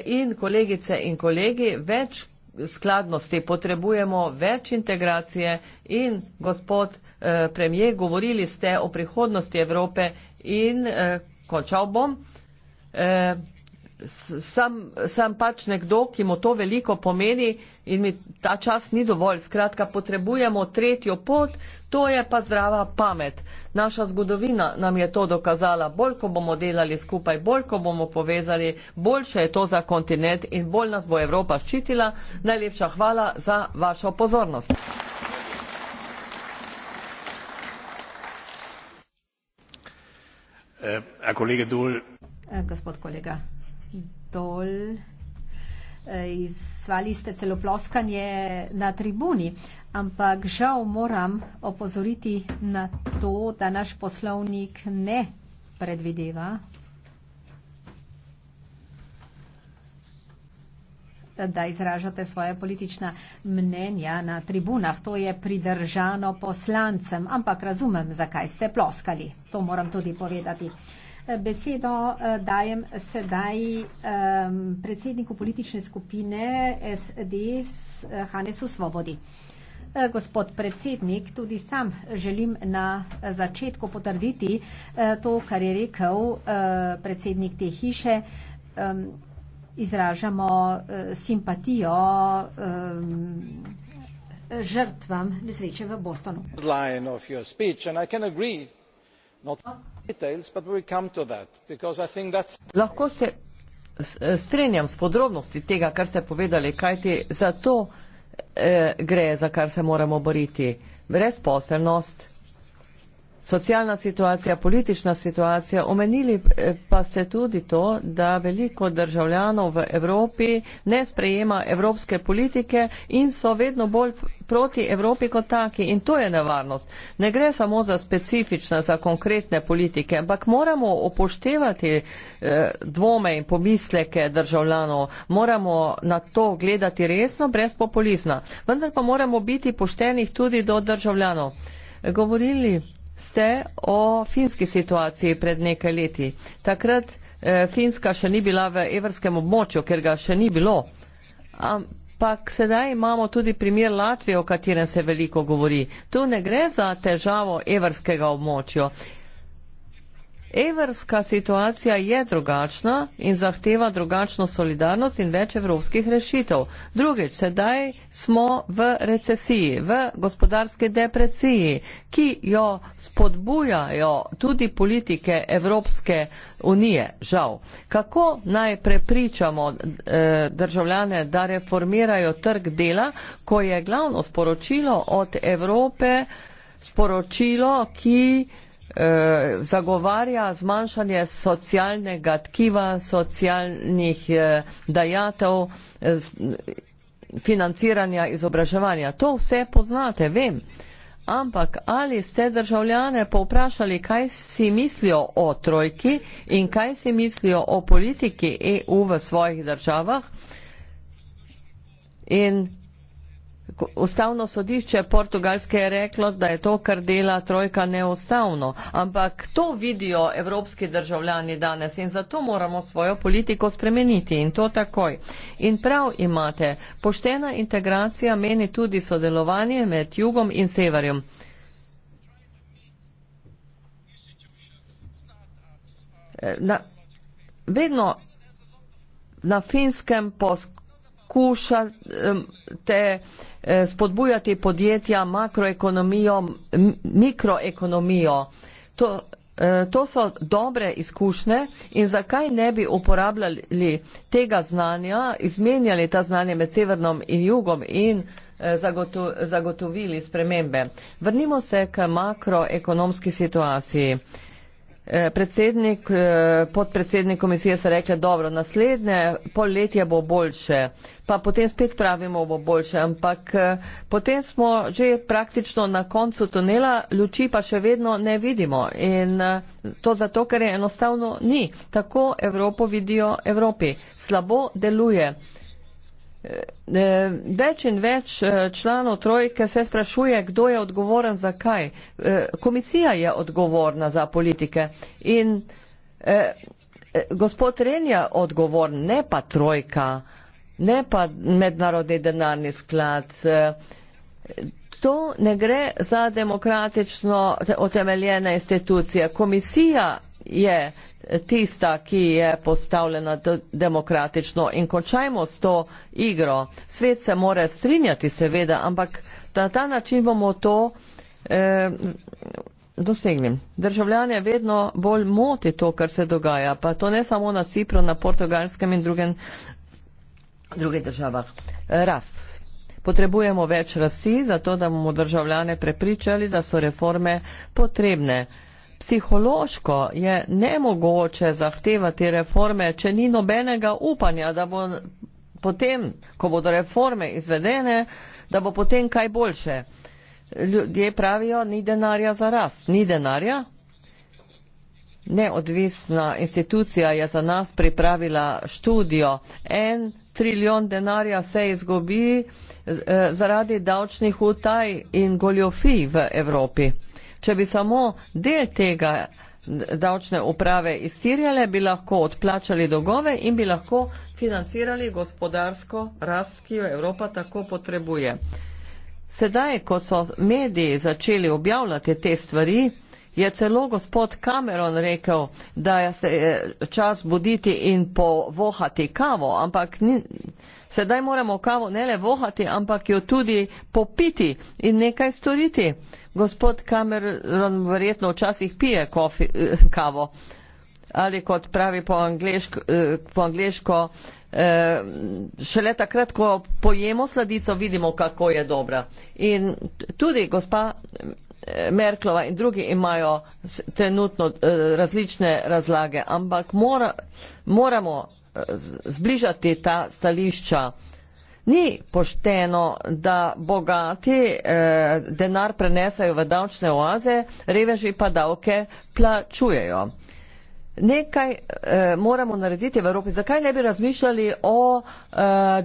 in kolegice in kolegi, več skladnosti, potrebujemo več integracije in gospod eh, premijer, govorili ste o prihodnosti Evrope in eh, končal bom. Eh, sem, sem pač nekdo, ki mu to veliko pomeni in mi ta čas ni dovolj. Skratka, potrebujemo tretjo pot, to je pa zdrava pamet. Naša zgodovina nam je to dokazala. Bolj, ko bomo delali skupaj, bolj, ko bomo povezali, boljše je to za kontinent in bolj nas bo Evropa ščitila. Najlepša hvala za vašo pozornost. Eh, a kolega Dul. Eh, gospod kolega dol eh, iz svaliste celo ploskanje na tribuni. Ampak žal moram opozoriti na to, da naš poslovnik ne predvideva, da izražate svoje politična mnenja na tribunah. To je pridržano poslancem, ampak razumem, zakaj ste ploskali. To moram tudi povedati. Uh, Besedo eh, dajem sedaj um, predsedniku politične skupine SD eh, Hanesu Svobodi. Eh, gospod predsednik, tudi sam želim na začetku potrditi to, kar je rekel predsednik te hiše. Izražamo simpatijo žrtvam nesreče v Bostonu. Lahko se strenjam s podrobnosti tega, kar ste povedali, kajti za to eh, gre, za kar se moramo boriti. Brezposelnost, socialna situacija, politična situacija, omenili eh, pa ste tudi to, da veliko državljanov v Evropi ne sprejema evropske politike in so vedno bolj proti Evropi kot taki in to je nevarnost. Ne gre samo za specifične, za konkretne politike, ampak moramo upoštevati eh, dvome in pomisleke državljanov, moramo na to gledati resno, brez populizma. Vendar pa moramo biti pošteni tudi do državljanov. Govorili ste o finski situaciji pred nekaj leti. Takrat eh, Finska še ni bila v evrskem območju, ker ga še ni bilo. Ampak sedaj imamo tudi primer Latvije, o katerem se veliko govori. Tu ne gre za težavo evrskega območja. Evrska situacija je drugačna in zahteva drugačno solidarnost in več evropskih rešitev. Drugič, sedaj smo v recesiji, v gospodarske depresiji, ki jo spodbujajo tudi politike Evropske unije. Žal, kako naj prepričamo eh, državljane, da reformirajo trg dela, ko je glavno sporočilo od Evrope sporočilo, ki eh, zagovarja zmanjšanje socialnega tkiva, socialnih eh, dajatev, eh, financiranja izobraževanja. To vse poznate, vem. Ampak ali ste državljane povprašali, kaj si mislijo o trojki in kaj si mislijo o politiki EU v svojih državah? In ustavno sodišče Portugalske je reklo, da je to, kar dela trojka, neustavno. Ampak to vidijo evropski državljani danes in zato moramo svojo politiko spremeniti in to takoj. In prav imate, poštena integracija meni tudi sodelovanje med jugom in severjem. Na, vedno na finskem posku poskušate eh, spodbujati podjetja makroekonomijo, mikroekonomijo. To, eh, to so dobre izkušnje in zakaj ne bi uporabljali tega znanja, izmenjali ta znanje med severnom in jugom in eh, zagotovili spremembe. Vrnimo se k makroekonomski situaciji. Eh, predsednik, eh, podpredsednik komisije se rekle, dobro, naslednje poletje bo boljše, pa potem spet pravimo, bo boljše, ampak eh, potem smo že praktično na koncu tunela, luči pa še vedno ne vidimo in to zato, ker je enostavno ni. Tako Evropo vidijo Evropi. Slabo deluje. Eh, eh, več in več eh, članov trojke se sprašuje, kdo je odgovoren za kaj. Komisija je odgovorna za politike in gospod Ren je odgovoren, ne pa trojka, ne pa mednarodni denarni sklad. To ne gre za demokratično otemeljene institucije. Komisija je tista, ki je postavljena demokratično in končajmo s to igro. Svet se more strinjati, seveda, ampak na ta način bomo to eh, dosegli. Državljane vedno bolj moti to, kar se dogaja, pa to ne samo na Cipru, na portugalskem in drugem, drugih državah. Rast. Potrebujemo več rasti, zato da bomo državljane prepričali, da so reforme potrebne psihološko je nemogoče zahtevati reforme, če ni nobenega upanja, da bo potem, ko bodo reforme izvedene, da bo potem kaj boljše. Ljudje pravijo, ni denarja za rast. Ni denarja? Neodvisna institucija je za nas pripravila študijo. En trilijon denarja se izgubi eh, zaradi davčnih utaj in goljofij v Evropi. Če bi samo del tega davčne uprave iztirjale, bi lahko odplačali dolgove in bi lahko financirali gospodarsko rast, ki jo Evropa tako potrebuje. Sedaj, ko so mediji začeli objavljati te stvari, je celo gospod Cameron rekel, da se je čas buditi in povohati kavo, ampak ni, sedaj moramo kavo ne le vohati, ampak jo tudi popiti in nekaj storiti. Gospod Cameron verjetno včasih pije kofi, eh, kavo ali kot pravi po angliško, eh, po angliško eh, šele takrat, ko pojemo sladico, vidimo, kako je dobra. In tudi gospa eh, Merklova in drugi imajo trenutno eh, različne razlage, ampak mora, moramo eh, zbližati ta stališča ni pošteno, da bogati eh, denar prenesajo v davčne oaze, reveži pa davke plačujejo. Nekaj eh, moramo narediti v Evropi. Zakaj ne bi razmišljali o eh,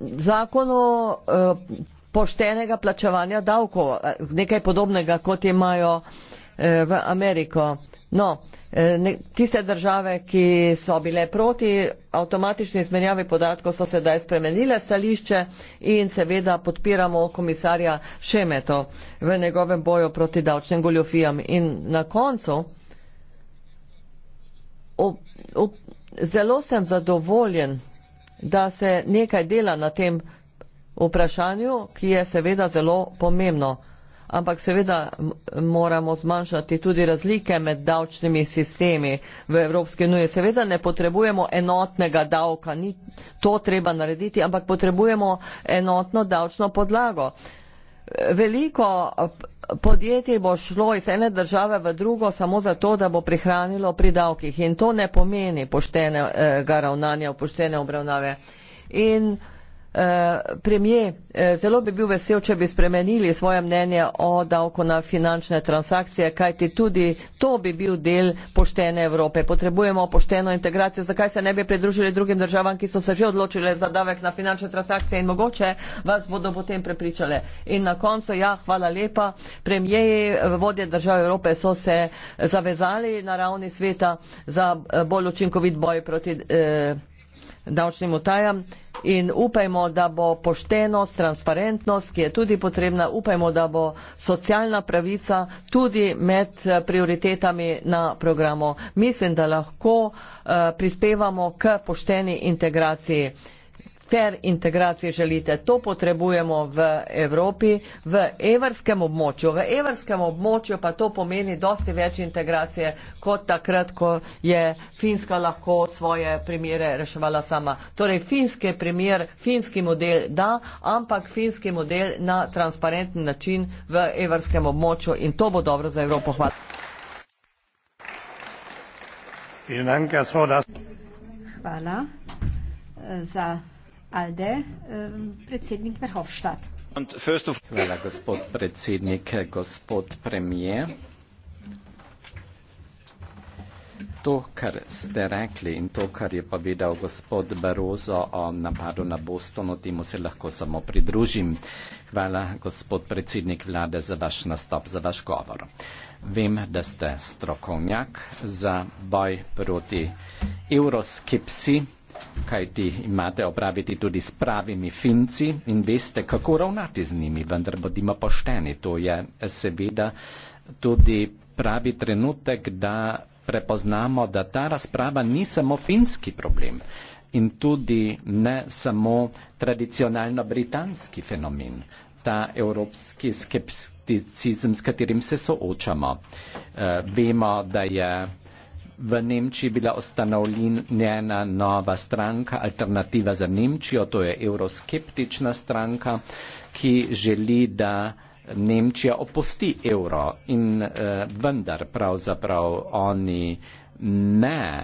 zakonu eh, poštenega plačevanja davkov, eh, nekaj podobnega, kot imajo eh, v Ameriko? No, eh, Eh, tiste države, ki so bile proti avtomatični izmenjavi podatkov, so sedaj spremenile stališče in seveda podpiramo komisarja Šemeto v njegovem boju proti davčnim goljofijam. In na koncu zelo sem zadovoljen, da se nekaj dela na tem vprašanju, ki je seveda zelo pomembno ampak seveda moramo zmanjšati tudi razlike med davčnimi sistemi v Evropski uniji. Seveda ne potrebujemo enotnega davka, ni to treba narediti, ampak potrebujemo enotno davčno podlago. Veliko podjetij bo šlo iz ene države v drugo samo zato, da bo prihranilo pri davkih in to ne pomeni poštenega ravnanja, poštene obravnave. In Eh, Premijer, eh, zelo bi bil vesel, če bi spremenili svoje mnenje o davku na finančne transakcije, kajti tudi to bi bil del poštene Evrope. Potrebujemo pošteno integracijo. Zakaj se ne bi pridružili drugim državam, ki so se že odločile za davek na finančne transakcije in mogoče vas bodo potem prepričale. In na koncu, ja, hvala lepa. Premijeji, eh, vodje države Evrope so se zavezali na ravni sveta za bolj učinkovit boj proti. Eh, davčnim utajam in upajmo, da bo poštenost, transparentnost, ki je tudi potrebna, upajmo, da bo socialna pravica tudi med eh, prioritetami na programu. Mislim, da lahko uh, prispevamo k pošteni integraciji. Uh, fair integracije želite. To potrebujemo v Evropi, v evrskem območju. V evrskem območju pa to pomeni dosti več integracije kot takrat, ko je Finska lahko svoje primere reševala sama. Torej, finski primer, finski model da, ampak finski model na transparenten način v evrskem območju in to bo dobro za Evropo. Hvala. Hvala eh, za Alde, eh, predsednik Verhofstadt. Hvala, gospod predsednik, gospod premijer. To, kar ste rekli in to, kar je povedal gospod Barozo o napadu na Bostonu, temu se lahko samo pridružim. Hvala, gospod predsednik vlade, za vaš nastop, za vaš govor. Vem, da ste strokovnjak za boj proti evroskepsi kaj ti imate opraviti tudi s pravimi finci in veste, kako ravnati z njimi, vendar bodimo pošteni. To je seveda tudi pravi trenutek, da prepoznamo, da ta razprava ni samo finski problem in tudi ne samo tradicionalno britanski fenomen, ta evropski skepticizem, s katerim se soočamo. E, vemo, da je V Nemčiji je bila ustanovljena nova stranka, alternativa za Nemčijo, to je euroskeptična stranka, ki želi, da Nemčija opusti evro in eh, vendar pravzaprav oni ne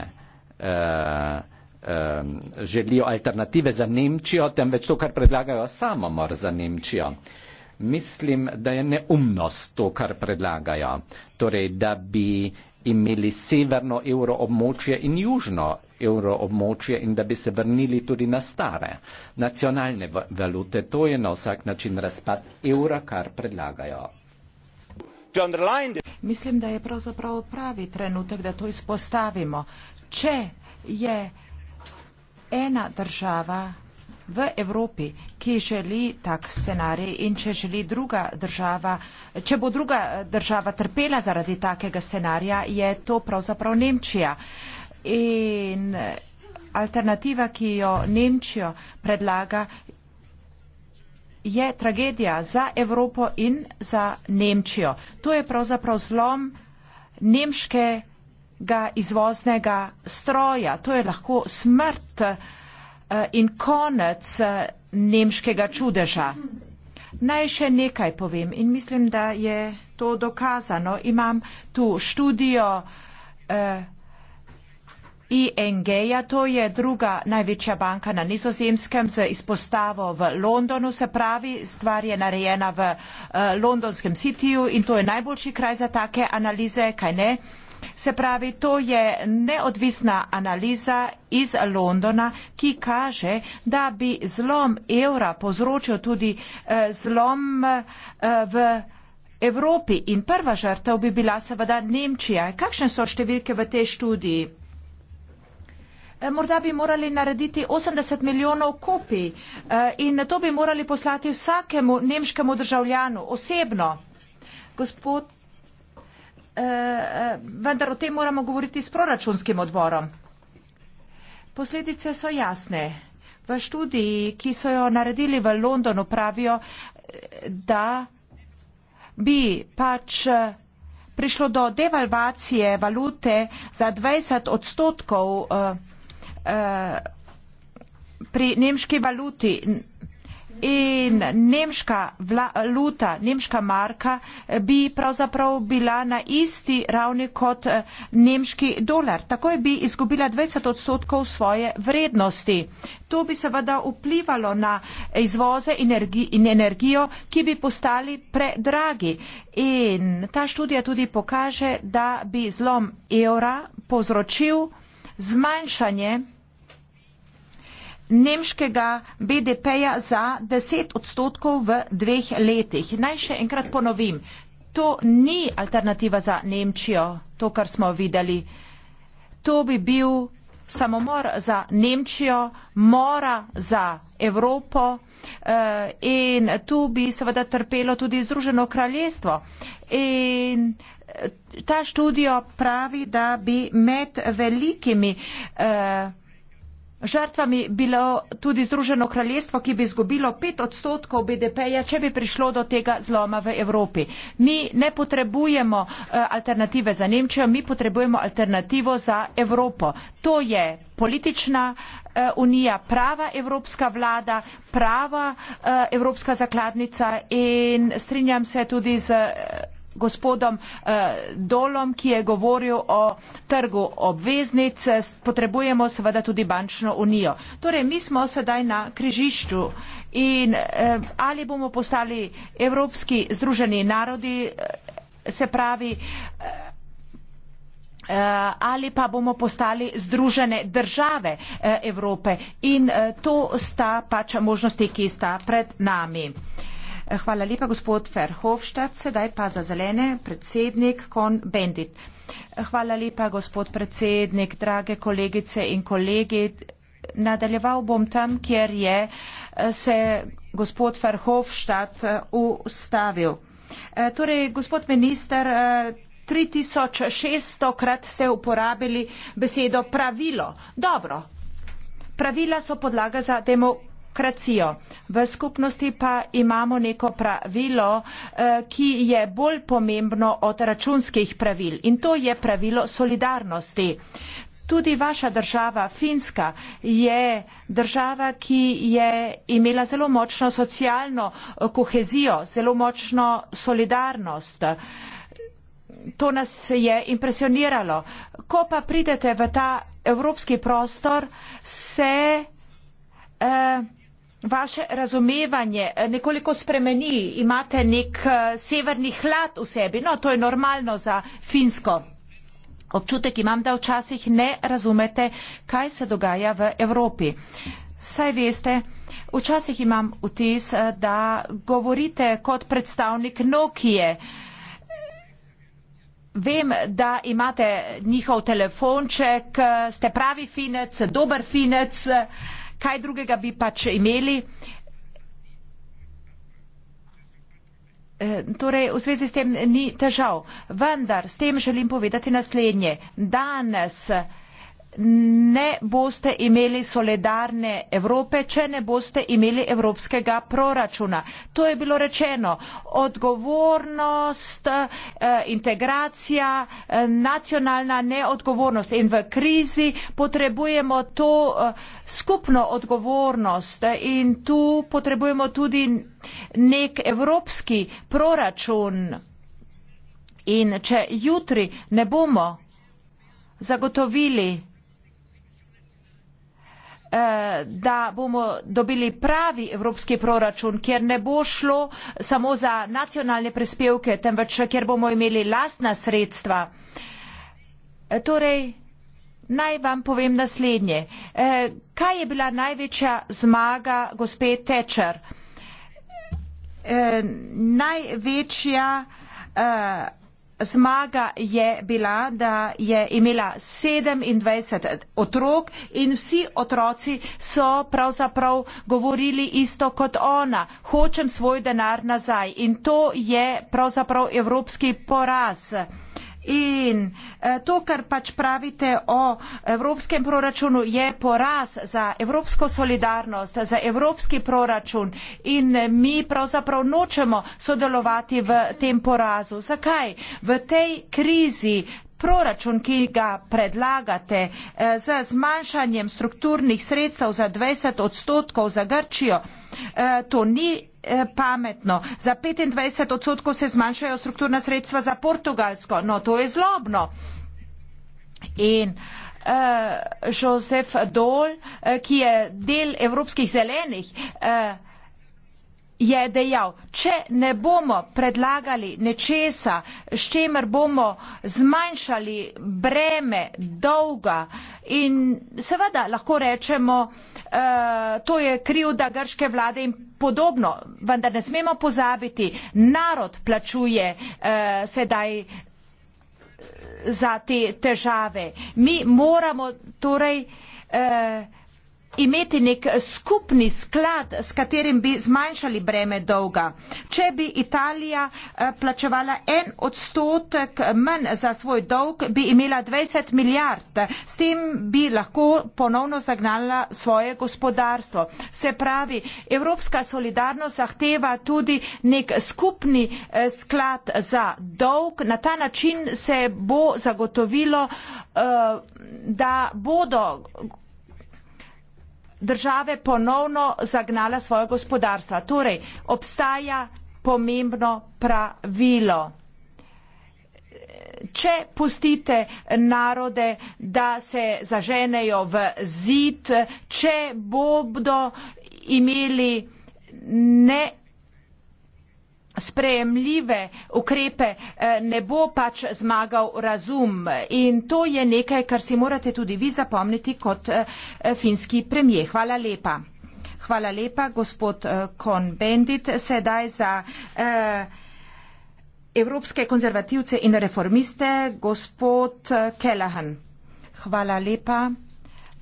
eh, eh, želijo alternative za Nemčijo, temveč to, kar predlagajo samomor za Nemčijo. Mislim, da je neumnost to, kar predlagajo. Torej, da bi imeli severno evroobmočje in južno evroobmočje in da bi se vrnili tudi na stare nacionalne valute. To je na vsak način razpad evra, kar predlagajo. Mislim, da je pravzaprav pravi trenutek, da to izpostavimo. Če je ena država v Evropi ki želi tak scenarij in če želi druga država, če bo druga država trpela zaradi takega scenarija, je to pravzaprav Nemčija. In alternativa, ki jo Nemčijo predlaga, je tragedija za Evropo in za Nemčijo. To je pravzaprav zlom nemškega izvoznega stroja. To je lahko smrt eh, in konec eh, nemškega čudeža. Naj še nekaj povem in mislim, da je to dokazano. Imam tu študijo eh, ING-ja, to je druga največja banka na nizozemskem z izpostavo v Londonu, se pravi, stvar je narejena v eh, londonskem sitiju in to je najboljši kraj za take analize, kaj ne. Eh, Se pravi, to je neodvisna analiza iz Londona, ki kaže, da bi zlom evra povzročil tudi eh, zlom eh, v Evropi. In prva žrtev bi bila seveda Nemčija. Kakšne so številke v tej študiji? Eh, morda bi morali narediti 80 milijonov kopij eh, in to bi morali poslati vsakemu nemškemu državljanu osebno. Gospod Eh, eh, vendar o tem moramo govoriti s proračunskim odborom. Posledice so jasne. V študiji, ki so jo naredili v Londonu, pravijo, eh, da bi pač prišlo do devalvacije valute za 20 odstotkov pri nemški valuti in nemška vla, luta, nemška marka eh, bi pravzaprav bila na isti ravni kot eh, nemški dolar. Tako bi izgubila 20 odstotkov svoje vrednosti. To bi seveda vplivalo na izvoze energi, in energijo, ki bi postali predragi. In ta študija tudi pokaže, da bi zlom evra povzročil zmanjšanje nemškega BDP-ja za 10 odstotkov v dveh letih. Naj še enkrat ponovim, to ni alternativa za Nemčijo, to, kar smo videli. To bi bil samomor za Nemčijo, mora za Evropo eh, in tu bi seveda trpelo tudi Združeno kraljestvo. In eh, ta študijo pravi, da bi med velikimi eh, žrtvami bilo tudi Združeno kraljestvo, ki bi izgubilo pet odstotkov BDP-ja, če bi prišlo do tega zloma v Evropi. Mi ne potrebujemo eh, alternative za Nemčijo, mi potrebujemo alternativo za Evropo. To je politična eh, unija, prava evropska vlada, prava eh, evropska zakladnica in strinjam se tudi z gospodom eh, Dolom, ki je govoril o trgu obveznic, potrebujemo seveda tudi bančno unijo. Torej, mi smo sedaj na križišču in eh, ali bomo postali Evropski združeni narodi, eh, se pravi, eh, eh ali pa bomo postali združene države eh, Evrope in eh, to sta pač možnosti, ki sta pred nami. Eh, Eh, hvala lepa, gospod Ferhofštad. Sedaj pa za zelene predsednik Kon Bendit. Eh, hvala lepa, gospod predsednik, drage kolegice in kolegi. Nadaljeval bom tam, kjer je eh, se gospod Ferhofštad ustavil. Torej, gospod minister, 3600 krat ste uporabili besedo pravilo. Dobro. Pravila so podlaga za demokracijo demokracijo. V skupnosti pa imamo neko pravilo, eh, ki je bolj pomembno od računskih pravil in to je pravilo solidarnosti. Tudi vaša država, Finska, je država, ki je imela zelo močno socialno eh, kohezijo, zelo močno solidarnost. To nas je impresioniralo. Ko pa pridete v ta evropski prostor, se eh, vaše razumevanje eh, nekoliko spremeni, imate nek eh, severni hlad v sebi, no to je normalno za Finsko. Občutek imam, da včasih ne razumete, kaj se dogaja v Evropi. Saj veste, včasih imam vtis, eh, da govorite kot predstavnik Nokije. Vem, da imate njihov telefonček, ste pravi finec, dober finec kaj drugega bi pač imeli. E, torej, v zvezi s tem ni težav. Vendar s tem želim povedati naslednje. Danes ne boste imeli solidarne Evrope, če ne boste imeli evropskega proračuna. To je bilo rečeno. Odgovornost, eh, integracija, eh, nacionalna neodgovornost in v krizi potrebujemo to eh, skupno odgovornost in tu potrebujemo tudi nek evropski proračun. In če jutri ne bomo zagotovili Eh, da bomo dobili pravi evropski proračun, kjer ne bo šlo samo za nacionalne prispevke, temveč kjer bomo imeli lastna sredstva. Eh, torej, naj vam povem naslednje. Eh, kaj je bila največja zmaga gospe Tečer? Največja Zmaga je bila, da je imela 27 otrok in vsi otroci so pravzaprav govorili isto kot ona. Hočem svoj denar nazaj in to je pravzaprav evropski poraz. In eh, to, kar pač pravite o evropskem proračunu, je poraz za evropsko solidarnost, za evropski proračun in eh, mi pravzaprav nočemo sodelovati v tem porazu. Zakaj? V tej krizi proračun, ki ga predlagate eh, z zmanjšanjem strukturnih sredstev za 20 odstotkov za Grčijo, to ni Eh, pametno. Za 25 odstotkov se zmanjšajo strukturna sredstva za Portugalsko. No, to je zlobno. In uh, eh, Josef Dol, uh, ki je del Evropskih zelenih, uh, je dejal, če ne bomo predlagali nečesa, s čemer bomo zmanjšali breme dolga in seveda lahko rečemo, uh, Eh, to je krivda grške vlade in podobno. Vendar ne smemo pozabiti, narod plačuje uh, sedaj eh, za te težave. Mi moramo torej uh, imeti nek skupni sklad, s katerim bi zmanjšali breme dolga. Če bi Italija eh, plačevala en odstotek manj za svoj dolg, bi imela 20 milijard. S tem bi lahko ponovno zagnala svoje gospodarstvo. Se pravi, evropska solidarnost zahteva tudi nek skupni eh, sklad za dolg. Na ta način se bo zagotovilo, eh, da bodo države ponovno zagnala svoje gospodarstva. Torej, obstaja pomembno pravilo. Če pustite narode, da se zaženejo v zid, če bodo imeli ne sprejemljive ukrepe, eh, ne bo pač zmagal razum. In to je nekaj, kar si morate tudi vi zapomniti kot eh, finski premije. Hvala lepa. Hvala lepa, gospod Konbendit, eh, sedaj za evropske konzervativce in reformiste, gospod Kelahan. Hvala lepa.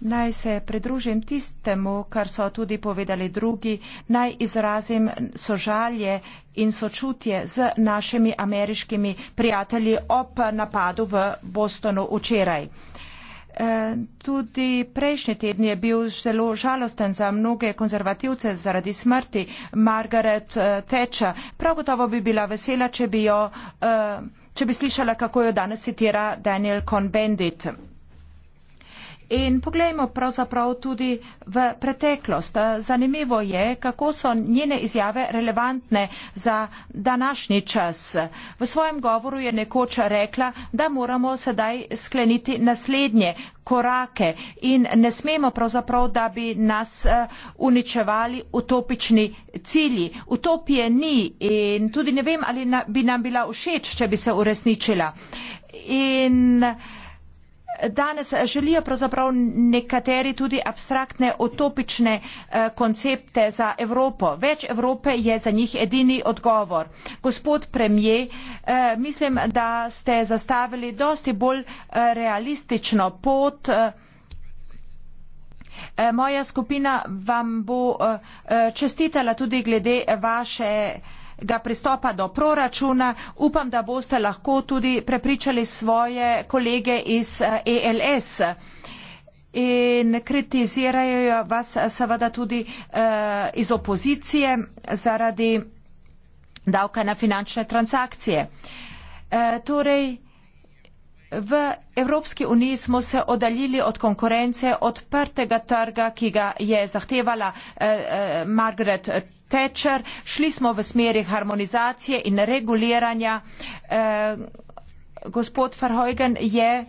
Naj se pridružim tistemu, kar so tudi povedali drugi, naj izrazim sožalje in sočutje z našimi ameriškimi prijatelji ob napadu v Bostonu včeraj. E, tudi prejšnji teden je bil zelo žalosten za mnoge konzervativce zaradi smrti Margaret e, Teča. Prav gotovo bi bila vesela, če bi, jo, e, če bi slišala, kako jo danes citira Daniel Cohn-Bendit. In poglejmo pravzaprav tudi v preteklost. Zanimivo je, kako so njene izjave relevantne za današnji čas. V svojem govoru je nekoč rekla, da moramo sedaj skleniti naslednje korake in ne smemo pravzaprav, da bi nas eh, uničevali utopični cilji. Utopije ni in tudi ne vem, ali bi nam bila všeč, če bi se uresničila. In danes želijo pravzaprav nekateri tudi abstraktne, utopične eh, koncepte za Evropo. Več Evrope je za njih edini odgovor. Gospod premije, eh, mislim, da ste zastavili dosti bolj eh, realistično pot. Moja skupina vam bo čestitala tudi glede vaše ga pristopa do proračuna. Upam, da boste lahko tudi prepričali svoje kolege iz ELS eh, e in kritizirajo vas seveda tudi eh, iz opozicije zaradi davka na finančne transakcije. Eh, torej, V Evropski uniji smo se oddaljili od konkurence odprtega trga, ki ga je zahtevala eh, eh Margaret Thatcher. Šli smo v smeri harmonizacije in reguliranja. Eh, gospod Farhojgen je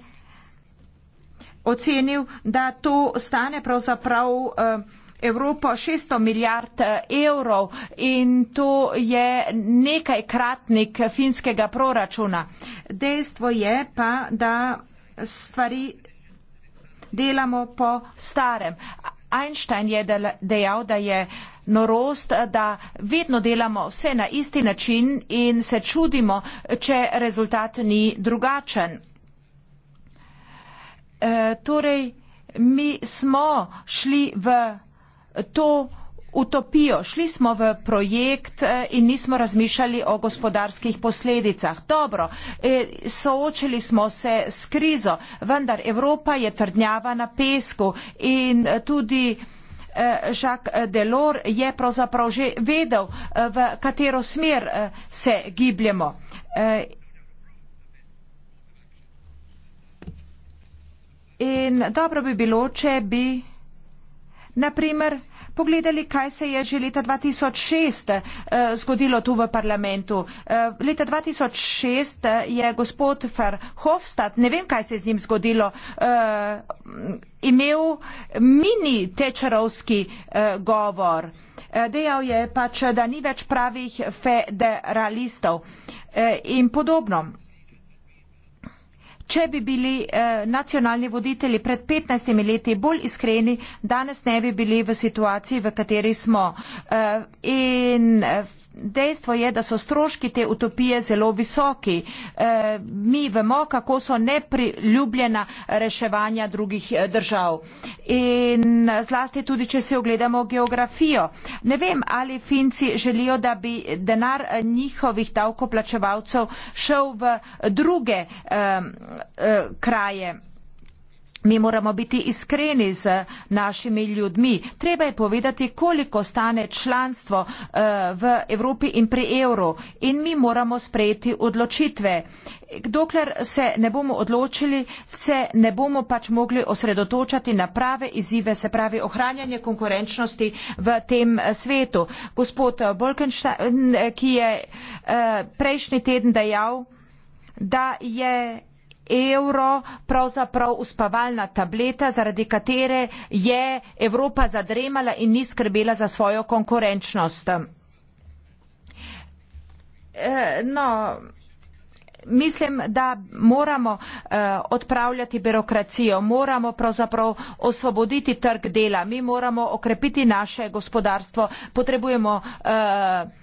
ocenil, da to stane pravzaprav. Eh, Evropo 600 milijard eh, evrov in to je nekaj kratnik finskega proračuna. Dejstvo je pa, da stvari delamo po starem. Einstein je dejal, da je norost, da vedno delamo vse na isti način in se čudimo, če rezultat ni drugačen. E, torej, mi smo šli v to utopijo. Šli smo v projekt eh, in nismo razmišljali o gospodarskih posledicah. Dobro, eh, soočili smo se s krizo, vendar Evropa je trdnjava na pesku in eh, tudi Jacques Delors je pravzaprav že vedel, v katero smer se gibljemo. In dobro bi bilo, če bi naprimer, pogledali, kaj se je že leta 2006 eh, zgodilo tu v parlamentu. Eh, leta 2006 eh, je gospod Verhofstadt, ne vem, kaj se je z njim zgodilo, eh, imel mini tečerovski eh, govor. Eh, dejal je pač, da ni več pravih federalistov eh, in podobno. Če bi bili eh, nacionalni voditelji pred 15 leti bolj iskreni, danes ne bi bili v situaciji, v kateri smo. Eh, in, eh, dejstvo je, da so stroški te utopije zelo visoki. E, mi vemo, kako so nepriljubljena reševanja drugih e, držav. In zlasti tudi, če se ogledamo geografijo. Ne vem, ali Finci želijo, da bi denar e, njihovih davkoplačevalcev šel v druge e, e, kraje. Mi moramo biti iskreni z našimi ljudmi. Treba je povedati, koliko stane članstvo eh, v Evropi in pri evru. In mi moramo sprejeti odločitve. Dokler se ne bomo odločili, se ne bomo pač mogli osredotočati na prave izzive, se pravi ohranjanje konkurenčnosti v tem eh, svetu. Gospod eh, Bolkenstein, ki je prejšnji teden dejal, da je evro pravzaprav uspavalna tableta, zaradi katere je Evropa zadremala in ni skrbela za svojo konkurenčnost. E, no, mislim, da moramo e, odpravljati birokracijo, moramo pravzaprav osvoboditi trg dela, mi moramo okrepiti naše gospodarstvo, potrebujemo e,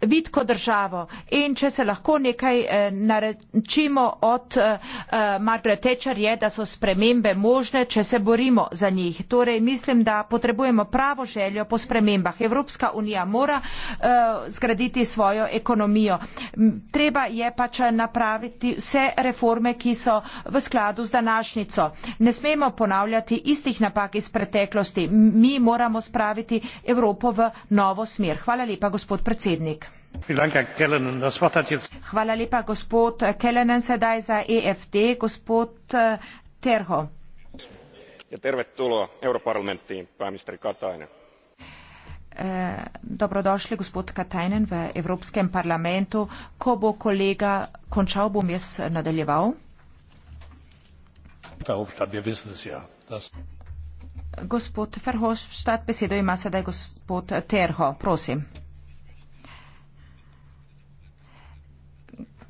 vidko državo in če se lahko nekaj eh, naredimo od eh, eh, Margaret Thatcher je, da so spremembe možne, če se borimo za njih. Torej mislim, da potrebujemo pravo željo po spremembah. Evropska unija mora zgraditi svojo ekonomijo. Treba je pač napraviti vse reforme, ki so v skladu z današnjico. Ne smemo ponavljati istih napak iz preteklosti. Mi moramo spraviti Evropo v novo smer. Hvala lepa, gospod predsednik. Hvala lepa, gospod Kellenen, sedaj za EFD, gospod eh, Terho. Ja tervetuloa europarlamenttiin, pääministeri Katainen. Eh, dobrodošli, gospod Katainen, v Evropskem parlamentu. Ko bo kolega končal, bom jaz nadaljeval. Ja, gospod Verhofstadt, besedo ima sedaj gospod Terho, prosim.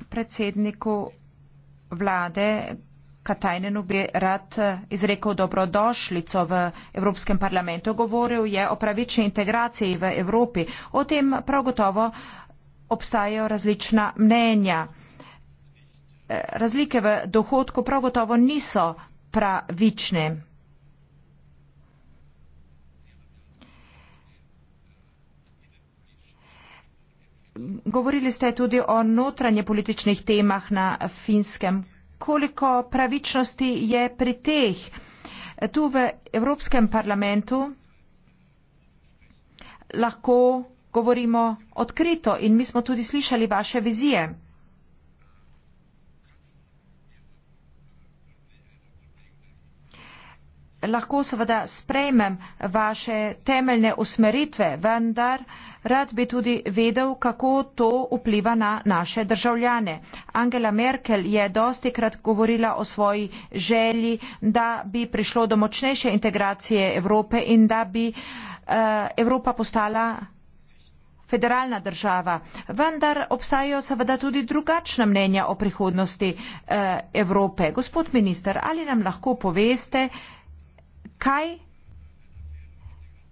predsedniku vlade Katajnenu bi rad eh, izrekel dobrodošlico v Evropskem parlamentu. Govoril je o pravični integraciji v Evropi. O tem prav gotovo obstajajo različna mnenja. Eh, razlike v dohodku prav gotovo niso pravične. Govorili ste tudi o notranje političnih temah na finskem. Koliko pravičnosti je pri teh? Tu v Evropskem parlamentu lahko govorimo odkrito in mi smo tudi slišali vaše vizije. Lahko seveda sprejmem vaše temeljne usmeritve, vendar. Rad bi tudi vedel, kako to vpliva na naše državljane. Angela Merkel je dosti krat govorila o svoji želji, da bi prišlo do močnejše integracije Evrope in da bi eh, Evropa postala federalna država. Vendar obstajajo seveda tudi drugačna mnenja o prihodnosti eh, Evrope. Gospod minister, ali nam lahko poveste, kaj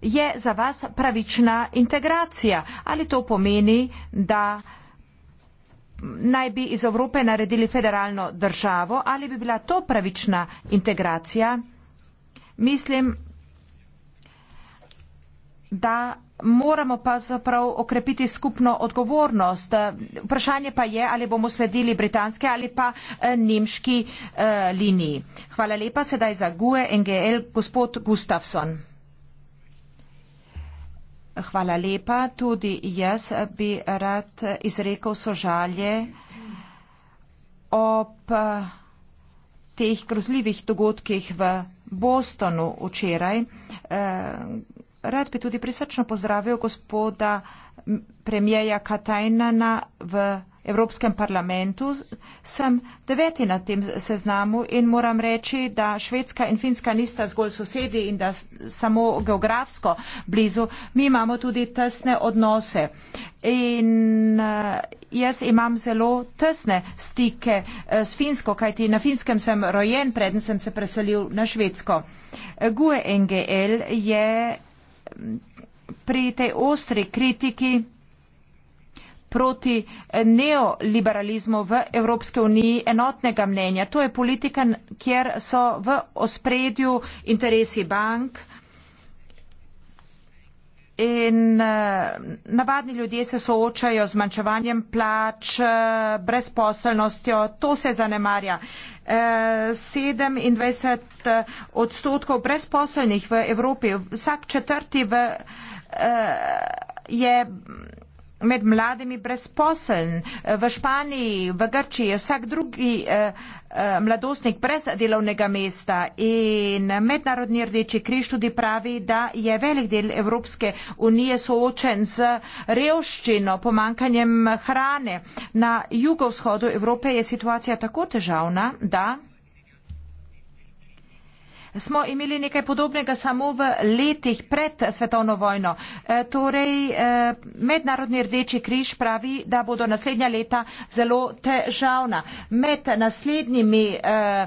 je za vas pravična integracija? Ali to pomeni, da naj bi iz Evrope naredili federalno državo? Ali bi bila to pravična integracija? Mislim, da moramo pa zaprav okrepiti skupno odgovornost. Vprašanje pa je, ali bomo sledili britanske ali pa eh, nemški eh, liniji. Hvala lepa sedaj za GUE NGL gospod Gustafsson. Hvala lepa. Tudi jaz bi rad izrekel sožalje ob eh, teh grozljivih dogodkih v Bostonu včeraj. Eh, rad bi tudi prisrčno pozdravil gospoda premijeja Katajnana v Bostonu. Evropskem parlamentu, sem deveti na tem seznamu in moram reči, da Švedska in Finska nista zgolj sosedi in da samo geografsko blizu, mi imamo tudi tesne odnose. In eh, jaz imam zelo tesne stike eh, s Finsko, kajti na Finskem sem rojen, preden sem se preselil na Švedsko. GUE NGL je pri tej ostri kritiki proti neoliberalizmu v Evropske uniji enotnega mnenja. To je politika, kjer so v ospredju interesi bank in eh, navadni ljudje se soočajo z manjševanjem plač, eh, brezposelnostjo, to se zanemarja. 27 eh, odstotkov brezposelnih v Evropi, vsak četrti v, je med mladimi brezposeln. V Španiji, v Grčiji je vsak drugi eh, eh, mladostnik brez delovnega mesta in mednarodni rdeči križ tudi pravi, da je velik del Evropske unije soočen z revščino, pomankanjem hrane. Na jugovzhodu Evrope je situacija tako težavna, da smo imeli nekaj podobnega samo v letih pred svetovno vojno. E, torej, e, Mednarodni rdeči križ pravi, da bodo naslednja leta zelo težavna. Med naslednjimi eh,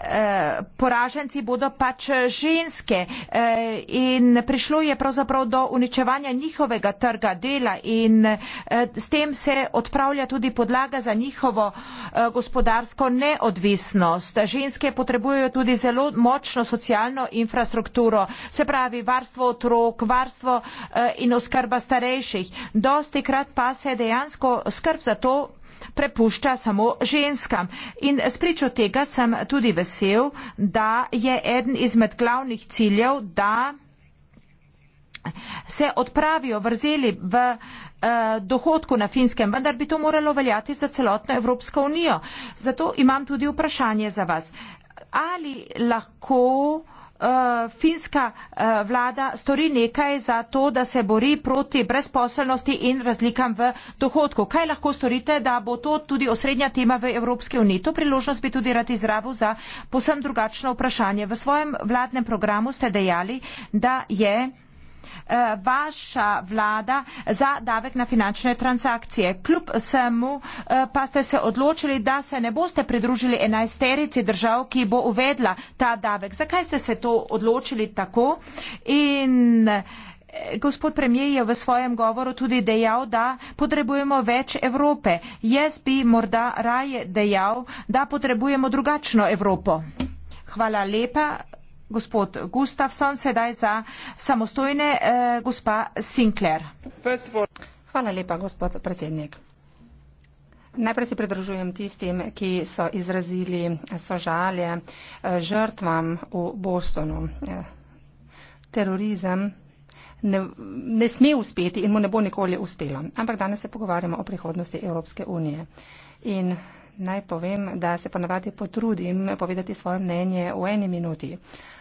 Eh, poraženci bodo pač eh, ženske eh, in prišlo je pravzaprav do uničevanja njihovega trga dela in s tem se odpravlja tudi podlaga za njihovo gospodarsko neodvisnost. Ženske potrebujejo tudi zelo močno socialno infrastrukturo, se pravi varstvo otrok, varstvo in oskrba starejših. Dosti krat pa se dejansko skrb za to prepušča samo ženskam. In spričo tega sem tudi vesel, da je eden izmed glavnih ciljev, da se odpravijo vrzeli v eh, dohodku na finskem, vendar bi to moralo veljati za celotno Evropsko unijo. Zato imam tudi vprašanje za vas. Ali lahko uh, uh, finska uh, vlada stori nekaj za to, da se bori proti brezposelnosti in razlikam v dohodku. Kaj lahko storite, da bo to tudi osrednja tema v Evropski uniji? To priložnost bi tudi rad izrabil za posem drugačno vprašanje. V svojem vladnem programu ste dejali, da je Eh, vaša vlada za davek na finančne transakcije. Kljub vsemu eh, pa ste se odločili, da se ne boste pridružili enajsterici držav, ki bo uvedla ta davek. Zakaj ste se to odločili tako? In eh, Gospod premijer je v svojem govoru tudi dejal, da potrebujemo več Evrope. Jaz bi morda raje dejal, da potrebujemo drugačno Evropo. Hvala lepa gospod Gustafsson, sedaj za samostojne eh, gospa Sinclair. Hvala lepa, gospod predsednik. Najprej se pridružujem tistim, ki so izrazili sožalje eh, žrtvam v Bostonu. Eh, terorizem ne, ne sme uspeti in mu ne bo nikoli uspelo. Ampak danes se pogovarjamo o prihodnosti Evropske unije. In naj povem, da se ponavadi potrudim povedati svoje mnenje v eni minuti.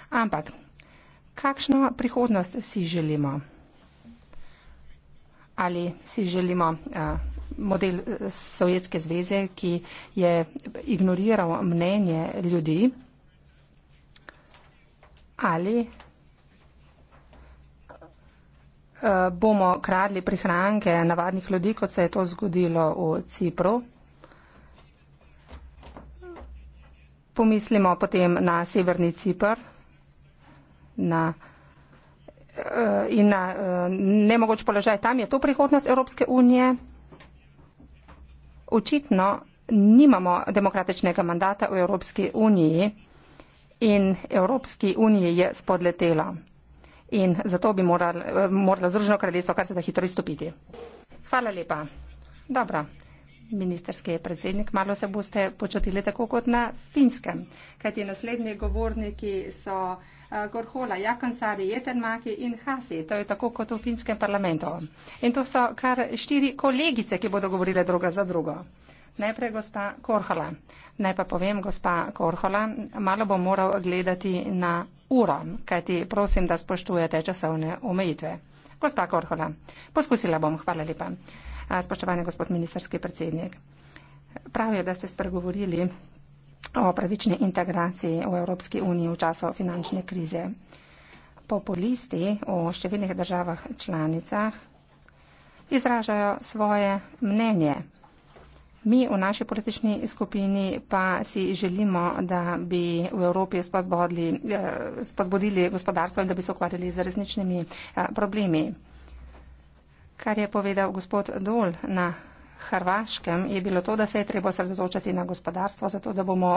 Ampak, kakšno prihodnost si želimo? Ali si želimo uh, model eh, Sovjetske zveze, ki je ignoriral mnenje ljudi? Ali uh, bomo kradli prihranke navadnih ljudi, kot se je to zgodilo v Cipru? Pomislimo potem na severni Cipr, na eh, in na eh, nemogoč položaj. Tam je to prihodnost Evropske unije. Očitno nimamo demokratičnega mandata v Evropski uniji in Evropski uniji je spodletelo. In zato bi moralo eh, moral Združeno kraljestvo kar se da hitro izstopiti. Hvala lepa. Dobro ministerski predsednik, malo se boste počutili tako kot na finskem, kajti naslednji govorniki so eh, Gorhola, Jakonsari, Jetenmaki in Hasi, to je tako kot v finskem parlamentu. In to so kar štiri kolegice, ki bodo govorile druga za drugo. Najprej gospa Korhola. Naj pa povem, gospa Korhola, malo bom moral gledati na uro, kajti prosim, da spoštujete časovne omejitve. Gospa Korhola, poskusila bom, hvala lepa spoštovani gospod ministerski predsednik. Prav je, da ste spregovorili o pravični integraciji v Evropski uniji v času finančne krize. Populisti v številnih državah članicah izražajo svoje mnenje. Mi v naši politični skupini pa si želimo, da bi v Evropi spodbodili eh, gospodarstvo in da bi se ukvarjali z resničnimi eh, problemi. Kar je povedal gospod Dol na Hrvaškem, je bilo to, da se je treba osredotočiti na gospodarstvo, zato da bomo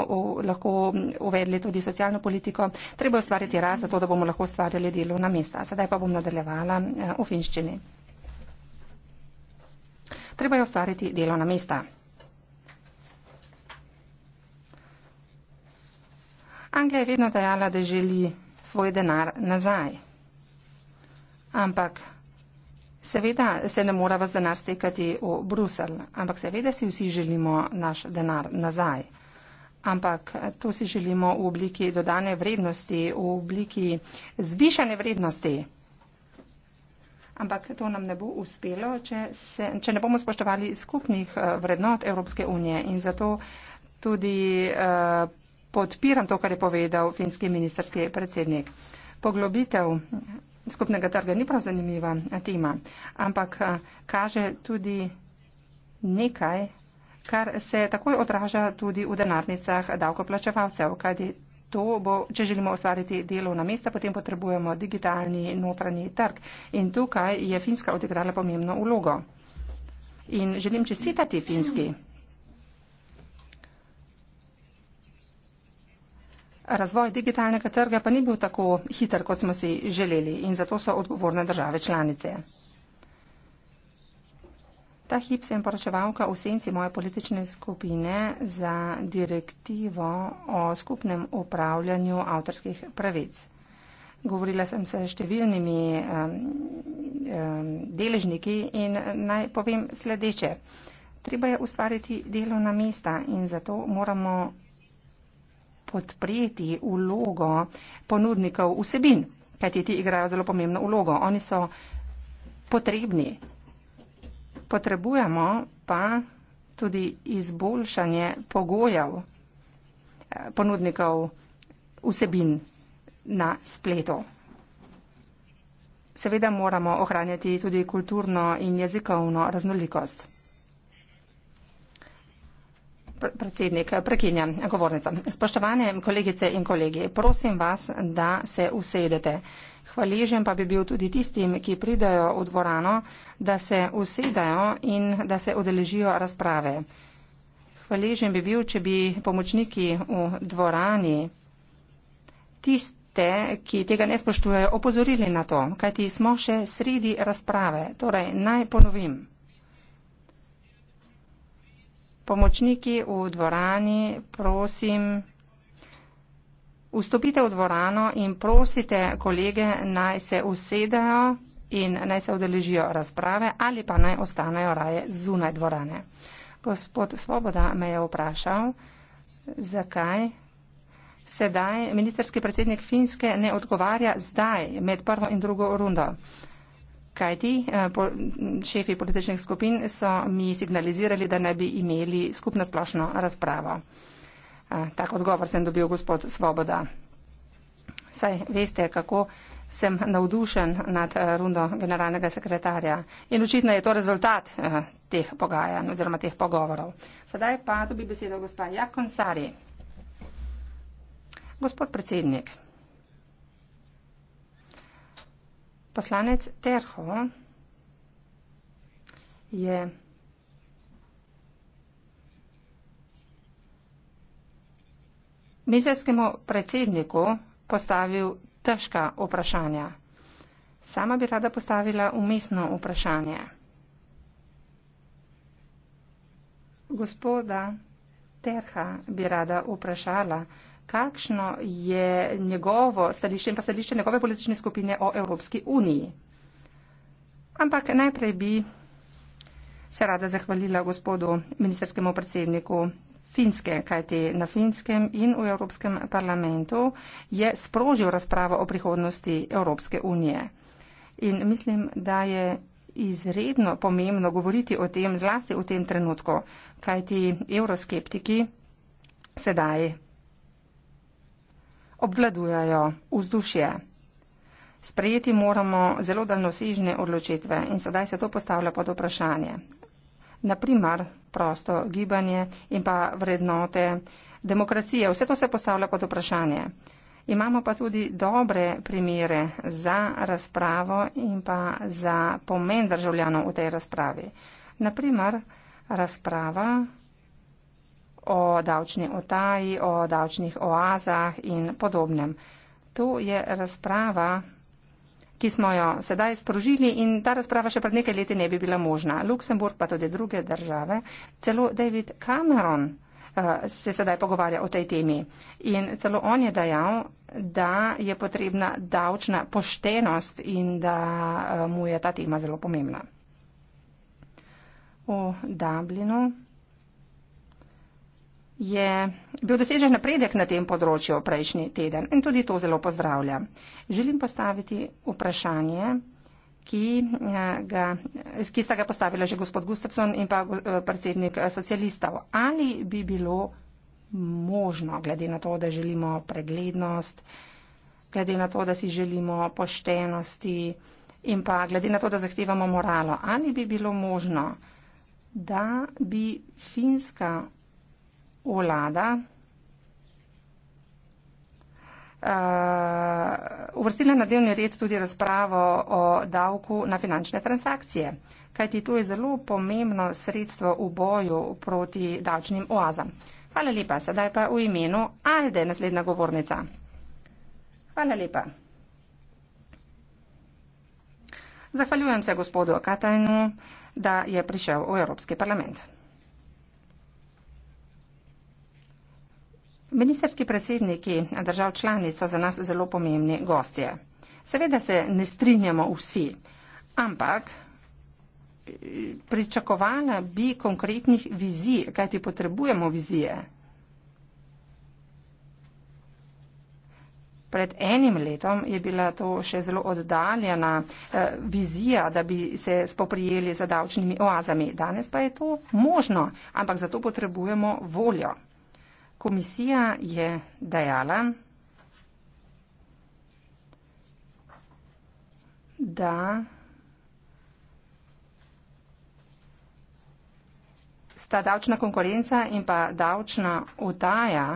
lahko uvedli tudi socialno politiko. Treba je ustvariti rast, zato da bomo lahko ustvarjali delovna mesta. Sedaj pa bom nadaljevala eh, v finščini. Treba je ustvariti delovna mesta. Anglija je vedno dejala, da želi svoj denar nazaj. Ampak Seveda se ne mora vas denar stekati v Bruselj, ampak seveda si vsi želimo naš denar nazaj. Ampak to si želimo v obliki dodane vrednosti, v obliki zvišene vrednosti. Ampak to nam ne bo uspelo, če, se, če ne bomo spoštovali skupnih eh, vrednot Evropske unije. In zato tudi eh, podpiram to, kar je povedal finski ministerski predsednik. Poglobitev skupnega trga ni prav zanimiva eh, tema, ampak eh, kaže tudi nekaj, kar se takoj odraža tudi v denarnicah davkoplačevalcev, kajti to bo, če želimo ustvariti delovna mesta, potem potrebujemo digitalni notranji trg. In tukaj je Finska odigrala pomembno ulogo. In želim čestitati Finski. Mm. razvoj digitalnega trga pa ni bil tako hiter, kot smo si želeli in zato so odgovorne države članice. Ta hip sem poročevalka v senci moje politične skupine za direktivo o skupnem upravljanju avtorskih pravic. Govorila sem se številnimi um, um, deležniki in naj povem sledeče. Treba je ustvariti delovna mesta in zato moramo podpreti vlogo ponudnikov vsebin, kajti ti igrajo zelo pomembno vlogo. Oni so potrebni. Potrebujemo pa tudi izboljšanje pogojev eh, ponudnikov vsebin na spletu. Seveda moramo ohranjati tudi kulturno in jezikovno raznolikost predsednik, prekinjam govornico. Spoštovane kolegice in kolegi, prosim vas, da se usedete. Hvaležen pa bi bil tudi tistim, ki pridajo v dvorano, da se usedajo in da se odeležijo razprave. Hvaležen bi bil, če bi pomočniki v dvorani tiste, ki tega ne spoštujejo, opozorili na to, kajti smo še sredi razprave. Torej, naj ponovim. Pomočniki v dvorani, prosim, vstopite v dvorano in prosite kolege naj se usedejo in naj se odeležijo razprave ali pa naj ostanejo raje zunaj dvorane. Gospod Svoboda me je vprašal, zakaj sedaj ministerski predsednik Finske ne odgovarja zdaj med prvo in drugo rundo kajti eh, po, šefi političnih skupin so mi signalizirali, da ne bi imeli skupno splošno razpravo. Eh, tak odgovor sem dobil gospod Svoboda. Saj veste, kako sem navdušen nad eh, rundo generalnega sekretarja in očitno je to rezultat teh pogajanj oziroma teh pogovorov. Sedaj pa dobi besedo gospod Jakon Sari. Gospod predsednik. Poslanec Terho je mizerskemu predsedniku postavil težka vprašanja. Sama bi rada postavila umestno vprašanje. Gospoda Terha bi rada vprašala, kakšno je njegovo stališče in pa stališče njegove politične skupine o Evropski uniji. Ampak najprej bi se rada zahvalila gospodu ministerskemu predsedniku Finske, kajti na Finskem in v Evropskem parlamentu je sprožil razpravo o prihodnosti Evropske unije. In mislim, da je izredno pomembno govoriti o tem, zlasti v tem trenutku, kajti evroskeptiki sedaj obvladujajo vzdušje. Sprejeti moramo zelo daljnosežne odločitve in sedaj se to postavlja pod vprašanje. Naprimer, prosto gibanje in pa vrednote, demokracije, vse to se postavlja pod vprašanje. Imamo pa tudi dobre primere za razpravo in pa za pomen državljanov v tej razpravi. Naprimer, razprava o davčni otaji, o davčnih oazah in podobnem. To je razprava, ki smo jo sedaj sprožili in ta razprava še pred nekaj leti ne bi bila možna. Luksemburg pa tudi druge države, celo David Cameron eh, se sedaj pogovarja o tej temi. In celo on je dejal, da je potrebna davčna poštenost in da eh, mu je ta tema zelo pomembna. V Dublinu je bil dosežen napredek na tem področju prejšnji teden in tudi to zelo pozdravlja. Želim postaviti vprašanje, ki, eh, ga, ki sta ga postavila že gospod Gustafsson in pa eh, predsednik eh, socialistov. Ali bi bilo možno, glede na to, da želimo preglednost, glede na to, da si želimo poštenosti in pa glede na to, da zahtevamo moralo, ali bi bilo možno, da bi finska vlada uh, uvrstila na dnevni red tudi razpravo o davku na finančne transakcije, kajti to je zelo pomembno sredstvo v boju proti davčnim oazam. Hvala lepa. Sedaj pa v imenu Alde naslednja govornica. Hvala lepa. Zahvaljujem se gospodu Katajnu, da je prišel v Evropski parlament. Ministerski predsedniki držav članic so za nas zelo pomembni gostje. Seveda se ne strinjamo vsi, ampak pričakovala bi konkretnih vizij, kajti potrebujemo vizije. Pred enim letom je bila to še zelo oddaljena eh, vizija, da bi se spoprijeli z davčnimi oazami. Danes pa je to možno, ampak za to potrebujemo voljo. Komisija je dejala, da sta davčna konkurenca in pa davčna utaja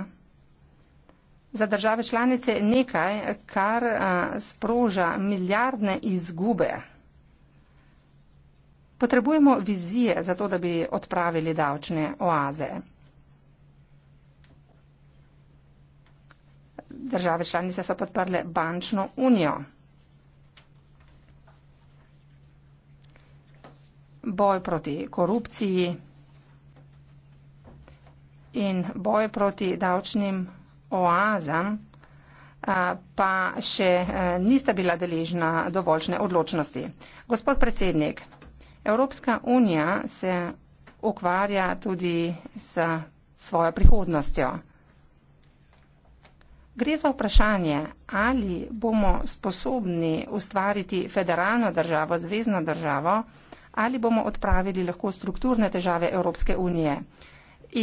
za države članice nekaj, kar sproža milijardne izgube. Potrebujemo vizije za to, da bi odpravili davčne oaze. države članice so podprle bančno unijo. Boj proti korupciji in boj proti davčnim oazam eh, pa še eh, nista bila deležna dovoljšne odločnosti. Gospod predsednik, Evropska unija se ukvarja tudi s svojo prihodnostjo. Gre za vprašanje, ali bomo sposobni ustvariti federalno državo, zvezdno državo, ali bomo odpravili lahko strukturne težave Evropske unije.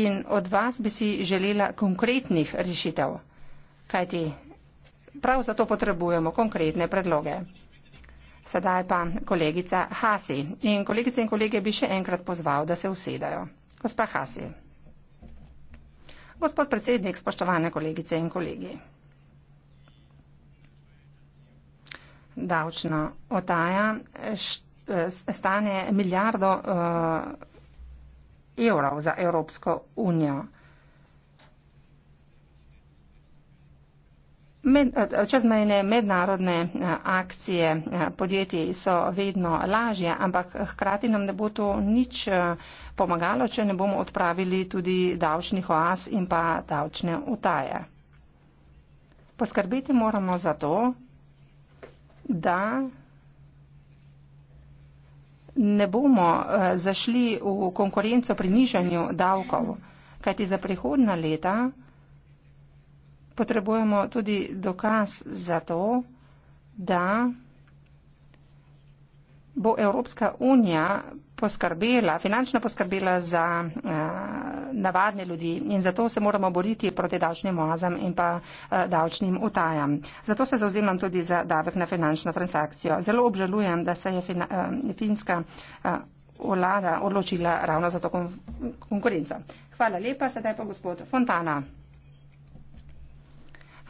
In od vas bi si želela konkretnih rešitev, kajti prav zato potrebujemo konkretne predloge. Sedaj pa kolegica Hasi. In kolegice in kolege bi še enkrat pozval, da se usedajo. Gospa Hasi. Gospod predsednik, spoštovane kolegice in kolegi. Davčna otaja stane milijardo eh, evrov za Evropsko unijo. Med, eh, čezmejne mednarodne eh, akcije eh, podjetij so vedno lažje, ampak hkrati nam ne bo to nič pomagalo, če ne bomo odpravili tudi davčnih oaz in pa davčne utaje. Poskrbeti moramo za to, da ne bomo zašli v konkurenco pri nižanju davkov, kajti za prihodna leta potrebujemo tudi dokaz za to, da bo Evropska unija poskrbela, finančno poskrbela za uh, navadne ljudi in zato se moramo boriti proti davčnim oazam in pa uh, davčnim utajam. Zato se zauzemam tudi za davek na finančno transakcijo. Zelo obžalujem, da se je fina, uh, finska uh, vlada odločila ravno za to kon konkurenco. Hvala lepa, sedaj pa gospod Fontana.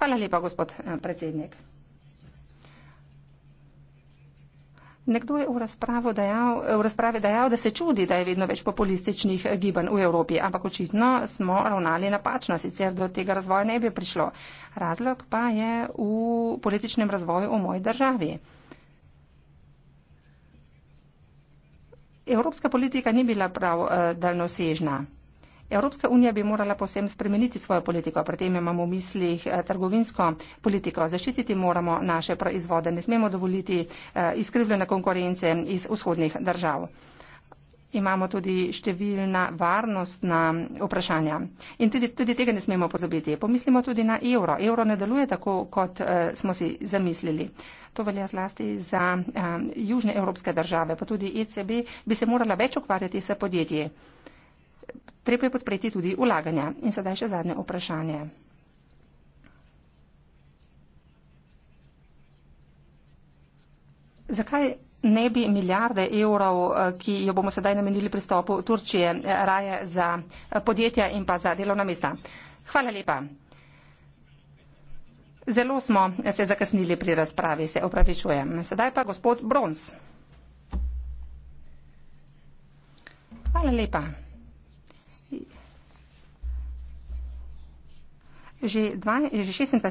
Hvala lepa, gospod eh, predsednik. Nekdo je v, dajal, eh, v razprave dejal, da se čudi, da je vedno več populističnih eh, gibanj v Evropi, ampak očitno smo ravnali napačno, sicer do tega razvoja ne bi prišlo. Razlog pa je v političnem razvoju v moji državi. Evropska politika ni bila prav daljnosežna. Evropska unija bi morala posebej spremeniti svojo politiko, pri tem imamo v mislih eh, trgovinsko politiko. Zaščititi moramo naše proizvode, ne smemo dovoliti eh, izkrivljene konkurence iz vzhodnih držav. Imamo tudi številna varnostna vprašanja in tudi, tudi tega ne smemo pozabiti. Pomislimo tudi na evro. Evro ne deluje tako, kot uh, smo si zamislili. To velja zlasti za uh, južne evropske države, pa tudi ECB bi se morala več ukvarjati s podjetji. Treba je podpreti tudi ulaganja. In sedaj še zadnje vprašanje. Zakaj ne bi milijarde evrov, eh, ki jo bomo sedaj namenili pristopu Turčije, eh, raje za eh, podjetja in pa za delovna mesta? Hvala lepa. Zelo smo se zakasnili pri razpravi, se opravičujem. Sedaj pa gospod Brons. Hvala lepa. Že, 20, že 26.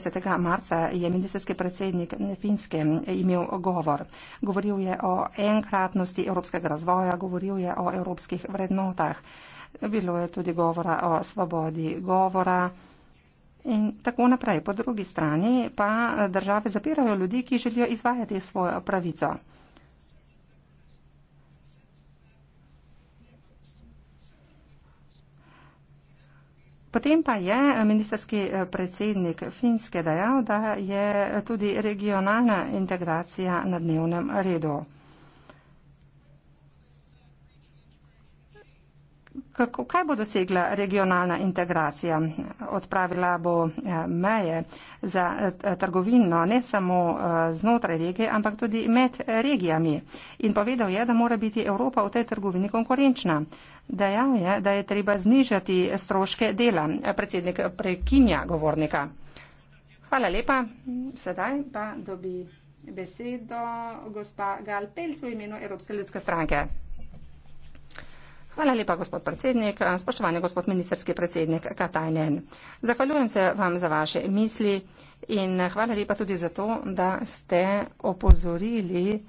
marca je ministerski predsednik Finske imel govor. Govoril je o enkratnosti evropskega razvoja, govoril je o evropskih vrednotah. Bilo je tudi govora o svobodi govora in tako naprej. Po drugi strani pa države zapirajo ljudi, ki želijo izvajati svojo pravico. Potem pa je eh, ministerski eh, predsednik Finske dejal, da je tudi regionalna integracija na dnevnem redu. kako, kaj bo dosegla regionalna integracija? Odpravila bo eh, meje za eh, trgovino ne samo eh, znotraj regije, ampak tudi med regijami. In povedal je, da mora biti Evropa v tej trgovini konkurenčna. Dejal je, da je treba znižati stroške dela. Predsednik prekinja govornika. Hvala lepa. Sedaj pa dobi besedo gospa Gal Pelc v imenu Evropske ljudske stranke. Hvala lepa, gospod predsednik. Spoštovani gospod ministerski predsednik Katajnen. Zahvaljujem se vam za vaše misli in hvala lepa tudi za to, da ste opozorili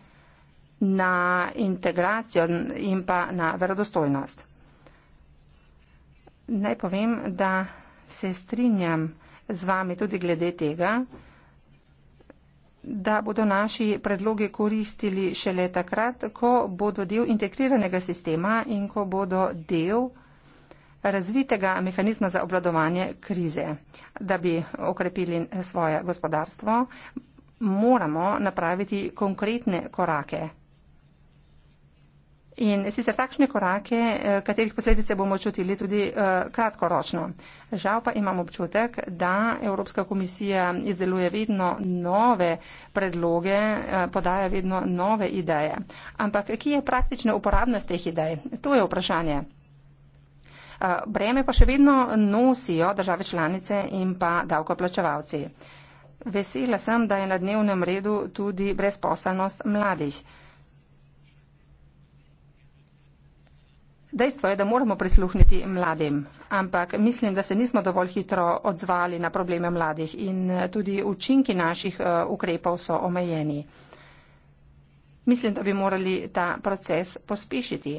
na integracijo in pa na verodostojnost. Naj povem, da se strinjam z vami tudi glede tega, da bodo naši predloge koristili šele takrat, ko bodo del integriranega sistema in ko bodo del razvitega mehanizma za obladovanje krize, da bi okrepili svoje gospodarstvo, moramo napraviti konkretne korake. In sicer takšne korake, eh, katerih posledice bomo čutili tudi eh, kratkoročno. Žal pa imam občutek, da Evropska komisija izdeluje vedno nove predloge, eh, podaja vedno nove ideje. Ampak ki je praktična uporabnost teh idej? To je vprašanje. Breme pa še vedno nosijo države članice in pa davkoplačevalci. Vesela sem, da je na dnevnem redu tudi brezposelnost mladih. Dejstvo je, da moramo prisluhniti mladim, ampak mislim, da se nismo dovolj hitro odzvali na probleme mladih in eh, tudi učinki naših eh, ukrepov so omejeni. Mislim, da bi morali ta proces pospešiti.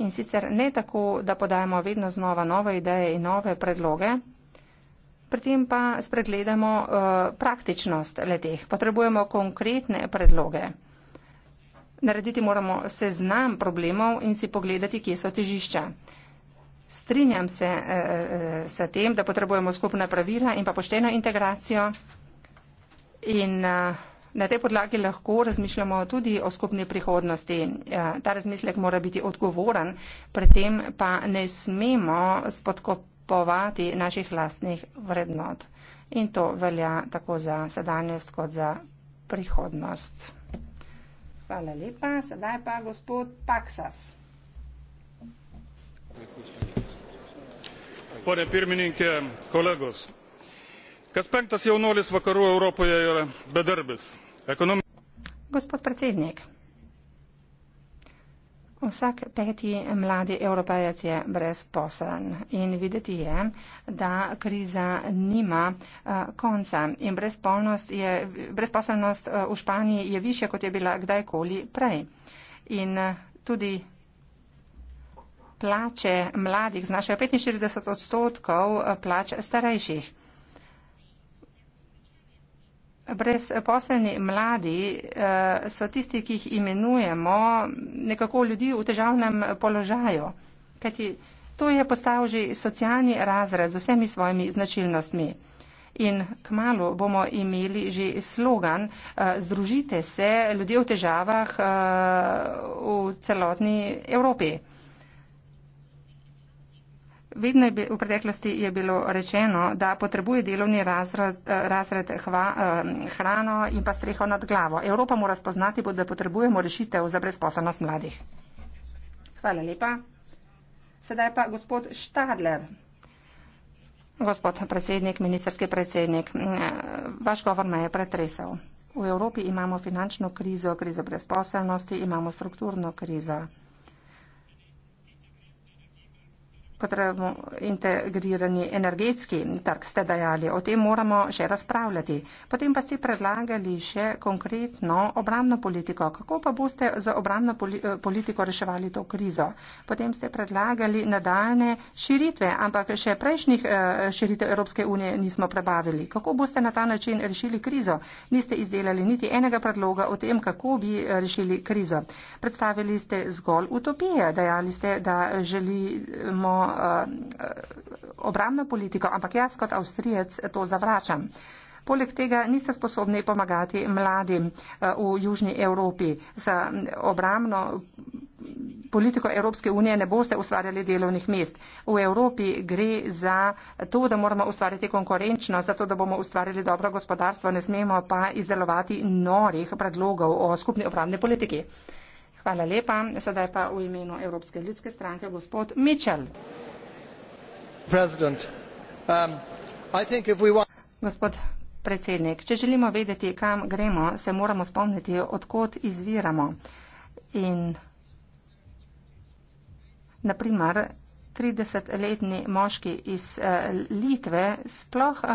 In sicer ne tako, da podajamo vedno znova nove ideje in nove predloge, pri tem pa spregledamo uh, praktičnost leteh. Potrebujemo konkretne predloge. Narediti moramo seznam problemov in si pogledati, kje so težišča. Strinjam se eh, eh, s eh, tem, da potrebujemo skupna pravila in pa pošteno integracijo in eh, na tej podlagi lahko razmišljamo tudi o skupni prihodnosti. Eh, ta razmislek mora biti odgovoren, predtem pa ne smemo spodkopovati naših lastnih vrednot. In to velja tako za sedanjost kot za prihodnost. Hvala lepa. Sedaj pa gospod Paksas. Pone pirmininke, kolegos. Kas penktas jaunolis vakarų Europoje yra bedarbis? Ekonomi... Gospod predsednik, Vsak peti mladi evropejec je brezposeln in videti je, da kriza nima eh, konca in je, brezposelnost eh, v Španiji je više, kot je bila kdajkoli prej. In eh, tudi plače mladih znašajo 45 odstotkov plač starejših. Brezposelni mladi eh, so tisti, ki jih imenujemo nekako ljudi v težavnem položaju, kajti to je postal že socialni razred z vsemi svojimi značilnostmi. In kmalo bomo imeli že slogan eh, Združite se ljudje v težavah eh, v celotni Evropi. Vedno je bi, v preteklosti je bilo rečeno, da potrebuje delovni razred, razred hva, eh, hrano in pa streho nad glavo. Evropa mora spoznati, da potrebujemo rešitev za brezposobnost mladih. Hvala lepa. Sedaj pa gospod Štadler. Gospod predsednik, ministerski predsednik, eh, vaš govor me je pretresel. V Evropi imamo finančno krizo, krizo brezposobnosti, imamo strukturno krizo. potrebno integrirani energetski trg, ste dejali, o tem moramo še razpravljati. Potem pa ste predlagali še konkretno obramno politiko. Kako pa boste z obramno eh, politiko reševali to krizo? Potem ste predlagali nadaljne širitve, ampak še prejšnjih eh, širitev Evropske unije nismo prebavili. Kako boste na ta način rešili krizo? Niste izdelali niti enega predloga o tem, kako bi eh, rešili krizo. Predstavili ste zgolj utopije, dejali ste, da želimo Eh, obramno politiko, ampak jaz kot Avstrijec to zavračam. Poleg tega niste sposobni pomagati mladim eh, v Južni Evropi. Za mm, obramno politiko Evropske unije ne boste ustvarjali delovnih mest. V Evropi gre za to, da moramo ustvarjati konkurenčno, zato da bomo ustvarjali dobro gospodarstvo, ne smemo pa izdelovati norih predlogov o skupni obramni politiki. Hvala lepa. Sedaj pa v imenu Evropske ljudske stranke gospod Mičel. Um, gospod predsednik, če želimo vedeti, kam gremo, se moramo spomniti, odkot izviramo. In naprimer, 30-letni moški iz eh, Litve sploh eh,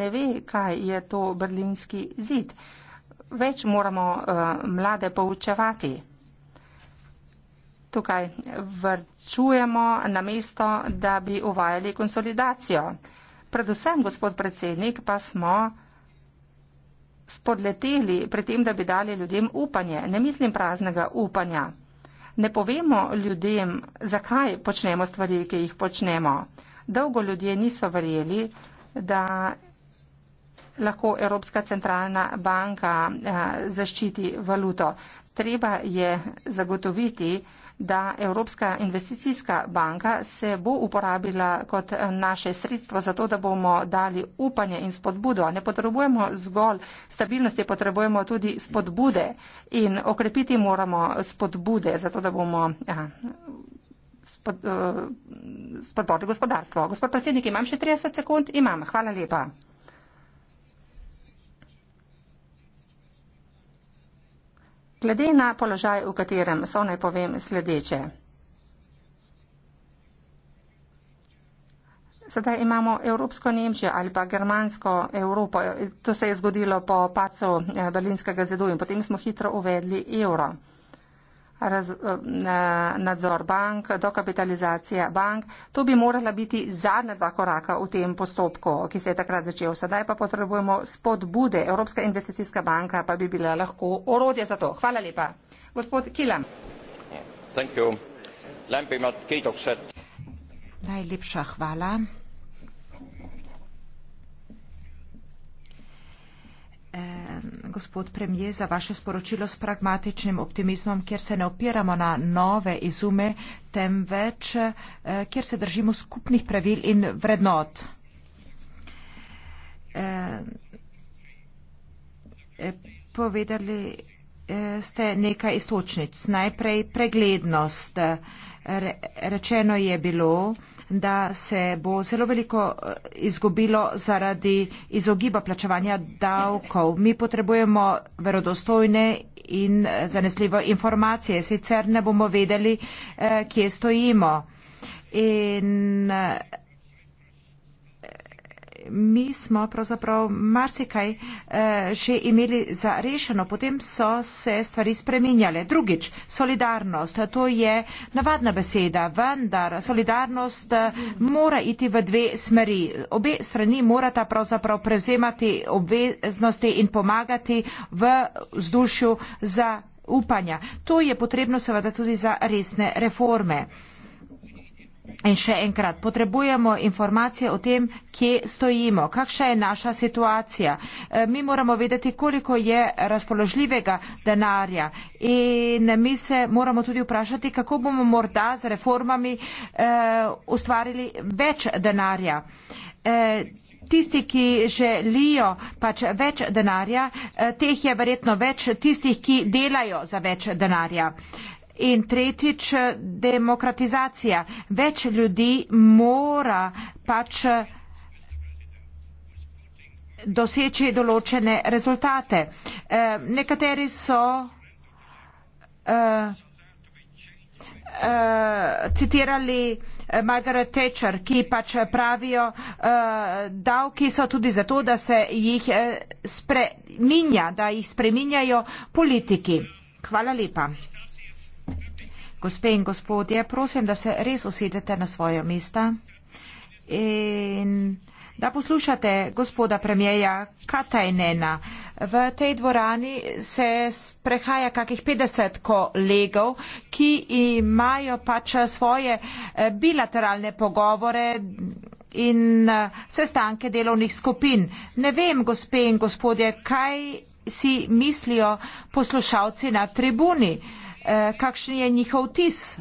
ne ve, kaj je to berlinski zid. Več moramo eh, mlade poučevati tukaj vrčujemo na mesto, da bi uvajali konsolidacijo. Predvsem, gospod predsednik, pa smo spodleteli pri tem, da bi dali ljudem upanje. Ne mislim praznega upanja. Ne povemo ljudem, zakaj počnemo stvari, ki jih počnemo. Dolgo ljudje niso verjeli, da lahko Evropska centralna banka eh, zaščiti valuto. Treba je zagotoviti, da Evropska investicijska banka se bo uporabila kot naše sredstvo za to, da bomo dali upanje in spodbudo. Ne potrebujemo zgolj stabilnosti, potrebujemo tudi spodbude in okrepiti moramo spodbude za to, da bomo ja, spod, uh, eh, spodbodili gospodarstvo. Gospod predsednik, imam še 30 sekund? Imam. Hvala lepa. Glede na položaj, v katerem so, naj povem sledeče. Sedaj imamo Evropsko Nemčijo ali pa Germansko Evropo. To se je zgodilo po pacu eh, Berlinskega zidu in potem smo hitro uvedli evro raz, eh, na, nadzor bank, dokapitalizacija bank. To bi morala biti zadnja dva koraka v tem postopku, ki se je takrat začel. Sedaj pa potrebujemo spodbude. Evropska investicijska banka pa bi bila lahko orodje za to. Hvala lepa. Gospod Kilam. Najlepša hvala. gospod premije, za vaše sporočilo s pragmatičnim optimizmom, kjer se ne opiramo na nove izume, temveč eh, kjer se držimo skupnih pravil in vrednot. Eh, povedali eh, ste nekaj istočnic. Najprej preglednost. Rečeno je bilo, da se bo zelo veliko eh, izgubilo zaradi izogiba plačevanja davkov. Mi potrebujemo verodostojne in eh, zanesljivo informacije, sicer ne bomo vedeli, eh, kje stojimo. In mi smo pravzaprav marsikaj eh, že imeli za rešeno, potem so se stvari spreminjale. Drugič, solidarnost, to je navadna beseda, vendar solidarnost eh, mora iti v dve smeri. Obe strani morata pravzaprav prevzemati obveznosti in pomagati v vzdušju za upanja. To je potrebno seveda tudi za resne reforme. In še enkrat, potrebujemo informacije o tem, kje stojimo, kakšna je naša situacija. E, mi moramo vedeti, koliko je razpoložljivega denarja in mi se moramo tudi vprašati, kako bomo morda z reformami eh, ustvarili več denarja. Eh, Tisti, ki želijo pač več denarja, e, teh je verjetno več tistih, ki delajo za več denarja. Eh, In tretjič, demokratizacija. Več ljudi mora pač doseči določene rezultate. Eh, nekateri so eh, eh, citirali Margaret Thatcher, ki pač pravijo, davki so tudi zato, da se jih spreminja, da jih spreminjajo politiki. Hvala lepa. Gospe in gospodje, prosim, da se res usedete na svoje mesta in da poslušate gospoda premijeja Katajnena. V tej dvorani se prehaja kakih 50 kolegov, ki imajo pač svoje eh, bilateralne pogovore in eh, sestanke delovnih skupin. Ne vem, gospe in gospodje, kaj si mislijo poslušalci na tribuni. Eh, kakšen je njihov tis.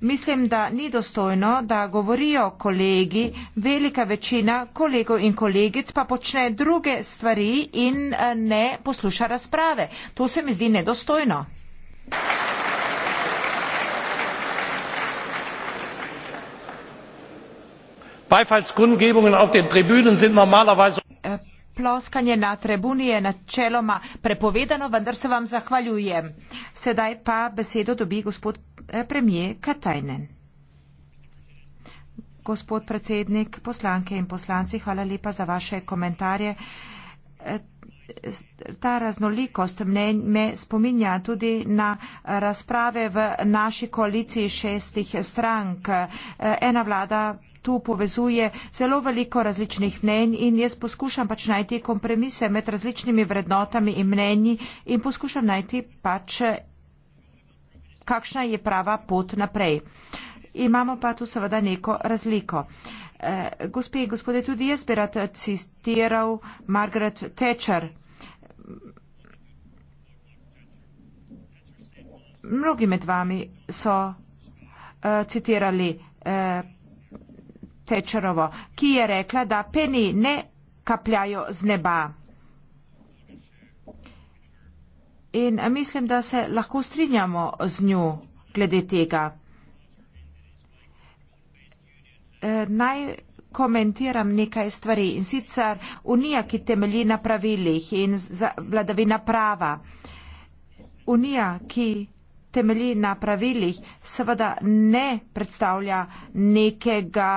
Mislim, da ni dostojno, da govorijo kolegi, velika večina kolegov in kolegic pa počne druge stvari in eh, ne posluša razprave. To se mi zdi nedostojno. Beifallskundgebungen auf den Tribünen sind normalerweise ploskanje na trebuni je načeloma prepovedano, vendar se vam zahvaljujem. Sedaj pa besedo dobi gospod eh, premijer Katajnen. Gospod predsednik, poslanke in poslanci, hvala lepa za vaše komentarje. Eh, ta raznolikost mnenj me spominja tudi na razprave v naši koaliciji šestih strank. Eh, ena vlada tu povezuje zelo veliko različnih mnenj in jaz poskušam pač najti kompromise med različnimi vrednotami in mnenji in poskušam najti pač, kakšna je prava pot naprej. Imamo pa tu seveda neko razliko. Eh, gospe in gospode, tudi jaz bi rad citiral Margaret Thatcher. Mnogi med vami so uh, citirali uh, Tečerovo, ki je rekla, da peni ne kapljajo z neba. In mislim, da se lahko strinjamo z njo glede tega. E, naj komentiram nekaj stvari in sicer Unija, ki temelji na pravilih in vladavina prava. Unija, ki temelji na pravilih, seveda ne predstavlja nekega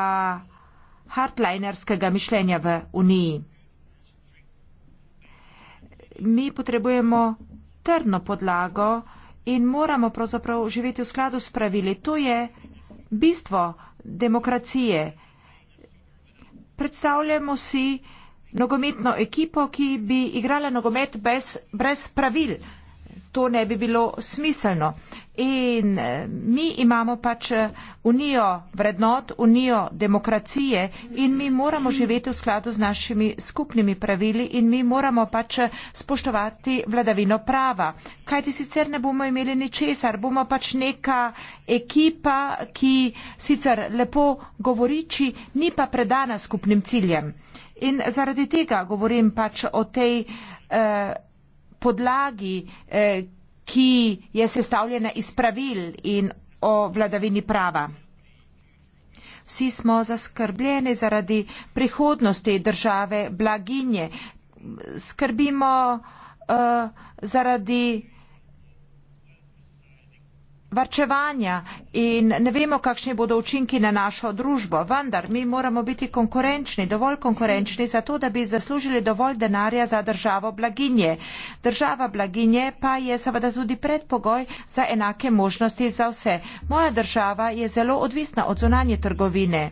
hardlinerskega mišljenja v Uniji. Mi potrebujemo trdno podlago in moramo pravzaprav živeti v skladu s pravili. To je bistvo demokracije. Predstavljamo si nogometno ekipo, ki bi igrala nogomet brez, brez pravil to ne bi bilo smiselno. In eh, mi imamo pač eh, unijo vrednot, unijo demokracije in mi moramo živeti v skladu z našimi skupnimi pravili in mi moramo pač eh, spoštovati vladavino prava. Kaj ti sicer ne bomo imeli ničesar, bomo pač neka ekipa, ki sicer lepo govoriči, ni pa predana skupnim ciljem. In zaradi tega govorim pač o tej. Eh, podlagi, eh, ki je sestavljena iz pravil in o vladavini prava. Vsi smo zaskrbljeni zaradi prihodnosti države blaginje. Skrbimo uh, zaradi varčevanja in ne vemo, kakšni bodo učinki na našo družbo, vendar mi moramo biti konkurenčni, dovolj konkurenčni, zato da bi zaslužili dovolj denarja za državo blaginje. Država blaginje pa je seveda tudi predpogoj za enake možnosti za vse. Moja država je zelo odvisna od zunanje trgovine.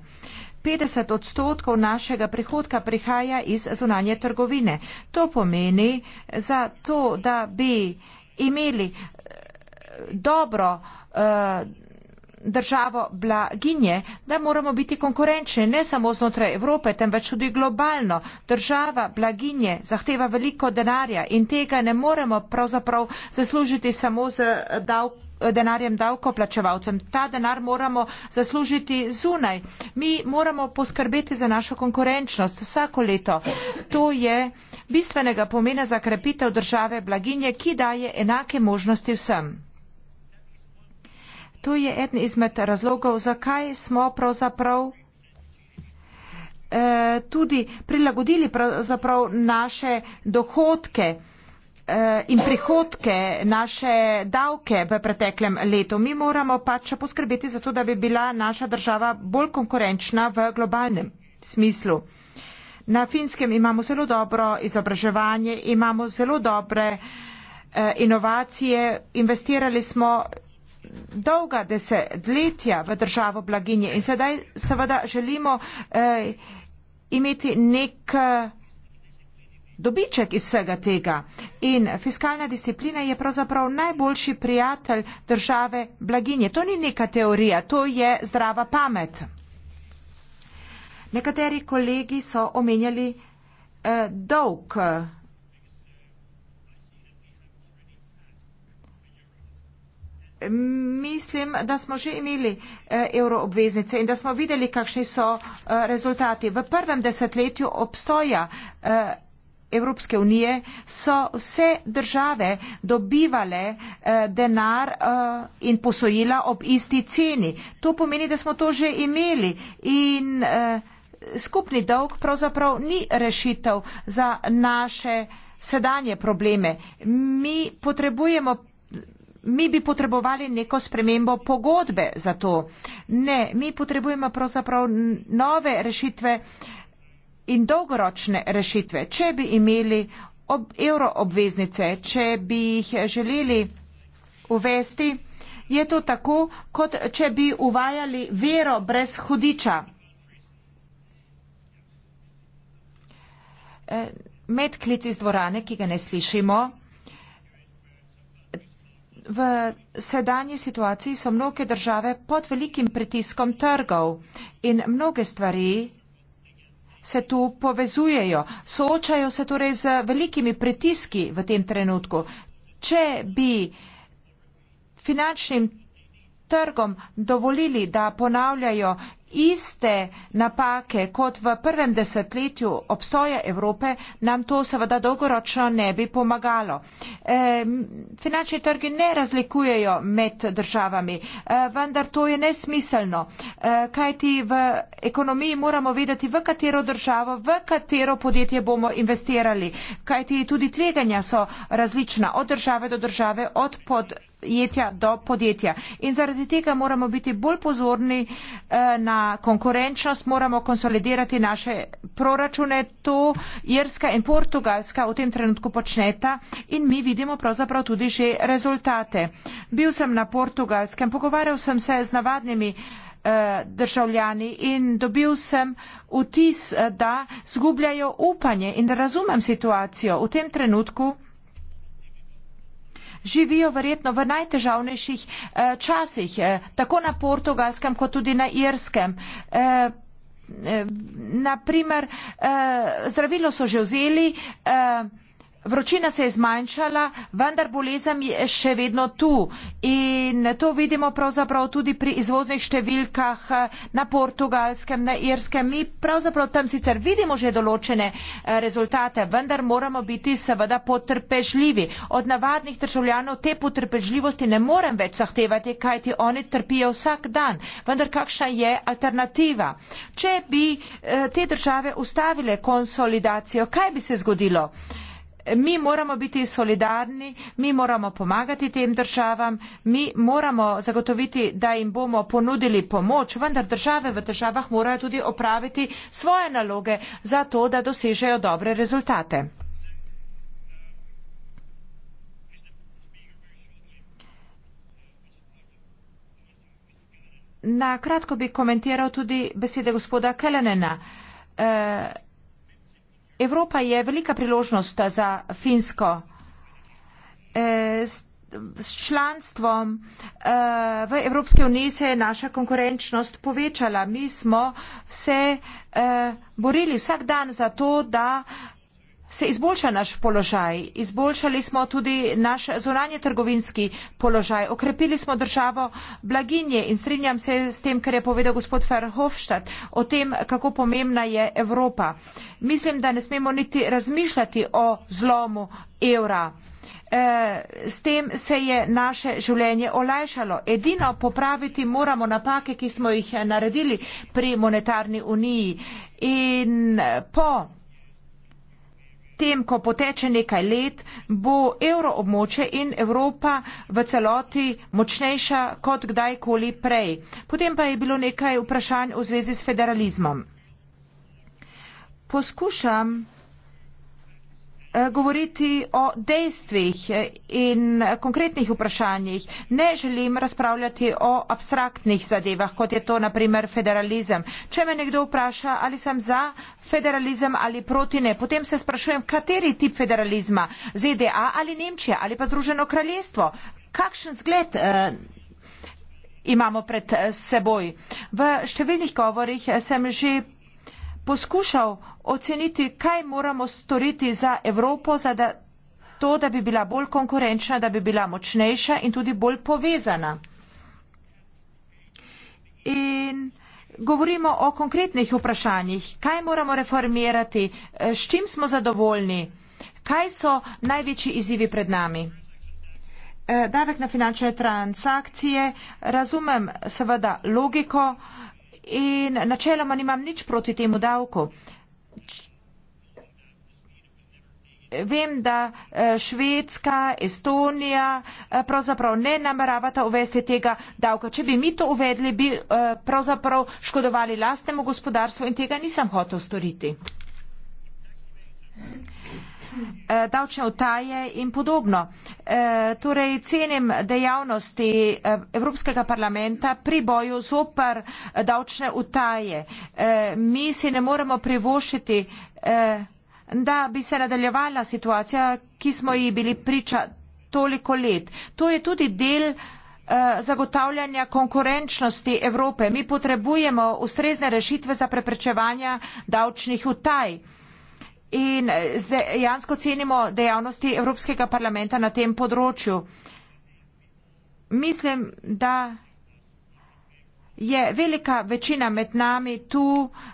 50 odstotkov našega prihodka prihaja iz zunanje trgovine. To pomeni za to, da bi imeli dobro eh, državo blaginje, da moramo biti konkurenčni ne samo znotraj Evrope, temveč tudi globalno. Država blaginje zahteva veliko denarja in tega ne moremo pravzaprav zaslužiti samo z davk denarjem davkoplačevalcem. Ta denar moramo zaslužiti zunaj. Mi moramo poskrbeti za našo konkurenčnost vsako leto. To je bistvenega pomena za krepitev države blaginje, ki daje enake možnosti vsem to je eden izmed razlogov, zakaj smo pravzaprav eh, tudi prilagodili pravzaprav naše dohodke eh, in prihodke, naše davke v preteklem letu. Mi moramo pač poskrbeti za to, da bi bila naša država bolj konkurenčna v globalnem smislu. Na finskem imamo zelo dobro izobraževanje, imamo zelo dobre eh, inovacije, investirali smo dolga desetletja v državo blaginje in sedaj seveda želimo eh, imeti nek eh, dobiček iz vsega tega. In fiskalna disciplina je pravzaprav najboljši prijatelj države blaginje. To ni neka teorija, to je zdrava pamet. Nekateri kolegi so omenjali eh, dolg Mislim, da smo že imeli euroobveznice eh, in da smo videli, kakšni so eh, rezultati. V prvem desetletju obstoja eh, Evropske unije so vse države dobivale denar in posojila ob isti ceni. To pomeni, da smo to že imeli in skupni dolg pravzaprav ni rešitev za naše sedanje probleme. Mi potrebujemo mi bi potrebovali neko spremembo pogodbe za to. Ne, mi potrebujemo pravzaprav nove rešitve in dolgoročne rešitve. Če bi imeli ob euroobveznice, če bi jih želeli uvesti, je to tako, kot če bi uvajali vero brez hudiča. E, Med klic iz dvorane, ki ga ne slišimo, v sedanji situaciji so mnoge države pod velikim pritiskom trgov in mnoge stvari se tu povezujejo, soočajo se torej z velikimi pritiski v tem trenutku. Če bi finančnim trgom dovolili, da ponavljajo iste napake kot v prvem desetletju obstoja Evrope, nam to seveda dolgoročno ne bi pomagalo. E, finančni trgi ne razlikujejo med državami, e, vendar to je nesmiselno, e, kajti v ekonomiji moramo vedeti, v katero državo, v katero podjetje bomo investirali, kajti tudi tveganja so različna od države do države, od podjetja podjetja do podjetja. In zaradi tega moramo biti bolj pozorni eh, na konkurenčnost, moramo konsolidirati naše proračune. To Irska in Portugalska v tem trenutku počneta in mi vidimo pravzaprav tudi že rezultate. Bil sem na Portugalskem, pogovarjal sem se z navadnimi eh, državljani in dobil sem vtis, eh, da zgubljajo upanje in da razumem situacijo v tem trenutku živijo verjetno v najtežavnejših eh, časih, eh, tako na portugalskem, kot tudi na irskem. Eh, eh, naprimer, eh, zdravilo so že vzeli. Eh, Vročina se je zmanjšala, vendar bolezen je še vedno tu in to vidimo pravzaprav tudi pri izvoznih številkah eh, na portugalskem, na irskem. Mi pravzaprav tam sicer vidimo že določene eh, rezultate, vendar moramo biti seveda potrpežljivi. Od navadnih državljanov te potrpežljivosti ne morem več zahtevati, kajti oni trpijo vsak dan. Vendar kakšna je alternativa? Če bi eh, te države ustavile konsolidacijo, kaj bi se zgodilo? mi moramo biti solidarni, mi moramo pomagati tem državam, mi moramo zagotoviti, da jim bomo ponudili pomoč, vendar države v državah morajo tudi opraviti svoje naloge za to, da dosežejo dobre rezultate. Na kratko bi komentiral tudi besede gospoda Kelenena. Uh, Evropa je velika priložnost za Finsko. E, s članstvom e, v Evropske unije se je naša konkurenčnost povečala. Mi smo se e, borili vsak dan za to, da se izboljša naš položaj. Izboljšali smo tudi naš zunanje trgovinski položaj. Okrepili smo državo blaginje in strinjam se s tem, kar je povedal gospod Ferhofstadt o tem, kako pomembna je Evropa. Mislim, da ne smemo niti razmišljati o zlomu evra. E, s tem se je naše življenje olajšalo. Edino popraviti moramo napake, ki smo jih naredili pri monetarni uniji. In po tem, ko poteče nekaj let, bo evroobmoče in Evropa v celoti močnejša kot kdajkoli prej. Potem pa je bilo nekaj vprašanj v zvezi s federalizmom. Poskušam Eh, govoriti o dejstvih eh, in konkretnih vprašanjih. Ne želim razpravljati o abstraktnih zadevah, kot je to naprimer federalizem. Če me nekdo vpraša, ali sem za federalizem ali proti ne, potem se sprašujem, kateri tip federalizma, ZDA ali Nemčija ali pa Združeno kraljestvo. Kakšen zgled eh, imamo pred eh, seboj? V številnih govorih sem že poskušal oceniti, kaj moramo storiti za Evropo, za da, to, da bi bila bolj konkurenčna, da bi bila močnejša in tudi bolj povezana. In govorimo o konkretnih vprašanjih, kaj moramo reformirati, eh, s čim smo zadovoljni, kaj so največji izzivi pred nami. Eh, davek na finančne transakcije, razumem seveda logiko, in načeloma nimam nič proti temu davku. Vem, da eh, Švedska, Estonija eh, pravzaprav ne nameravata uvesti tega davka. Če bi mi to uvedli, bi eh, pravzaprav škodovali lastnemu gospodarstvu in tega nisem hotel storiti. Eh, davčne utaje in podobno. Eh, torej cenim dejavnosti eh, Evropskega parlamenta pri boju zopr davčne utaje. Mi si ne moremo privošiti, da bi se nadaljevala situacija, ki smo ji bili priča toliko let. To je tudi del zagotavljanja konkurenčnosti Evrope. Mi potrebujemo ustrezne rešitve za preprečevanje davčnih utaj in eh, dejansko cenimo dejavnosti Evropskega parlamenta na tem področju. Mislim, da je velika večina med nami tu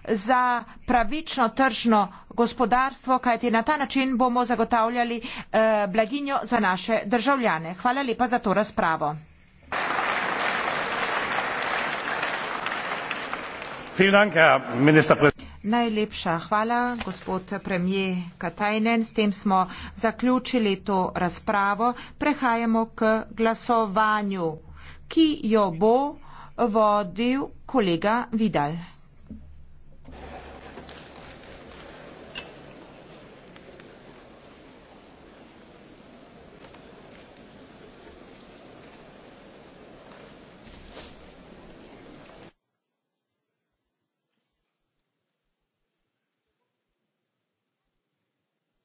za pravično tržno gospodarstvo, kajti na ta način bomo zagotavljali eh, blaginjo za naše državljane. Hvala lepa za to razpravo. Najlepša hvala, gospod premijer Katajnen. S tem smo zaključili to razpravo. Prehajamo k glasovanju, ki jo bo vodil kolega Vidal.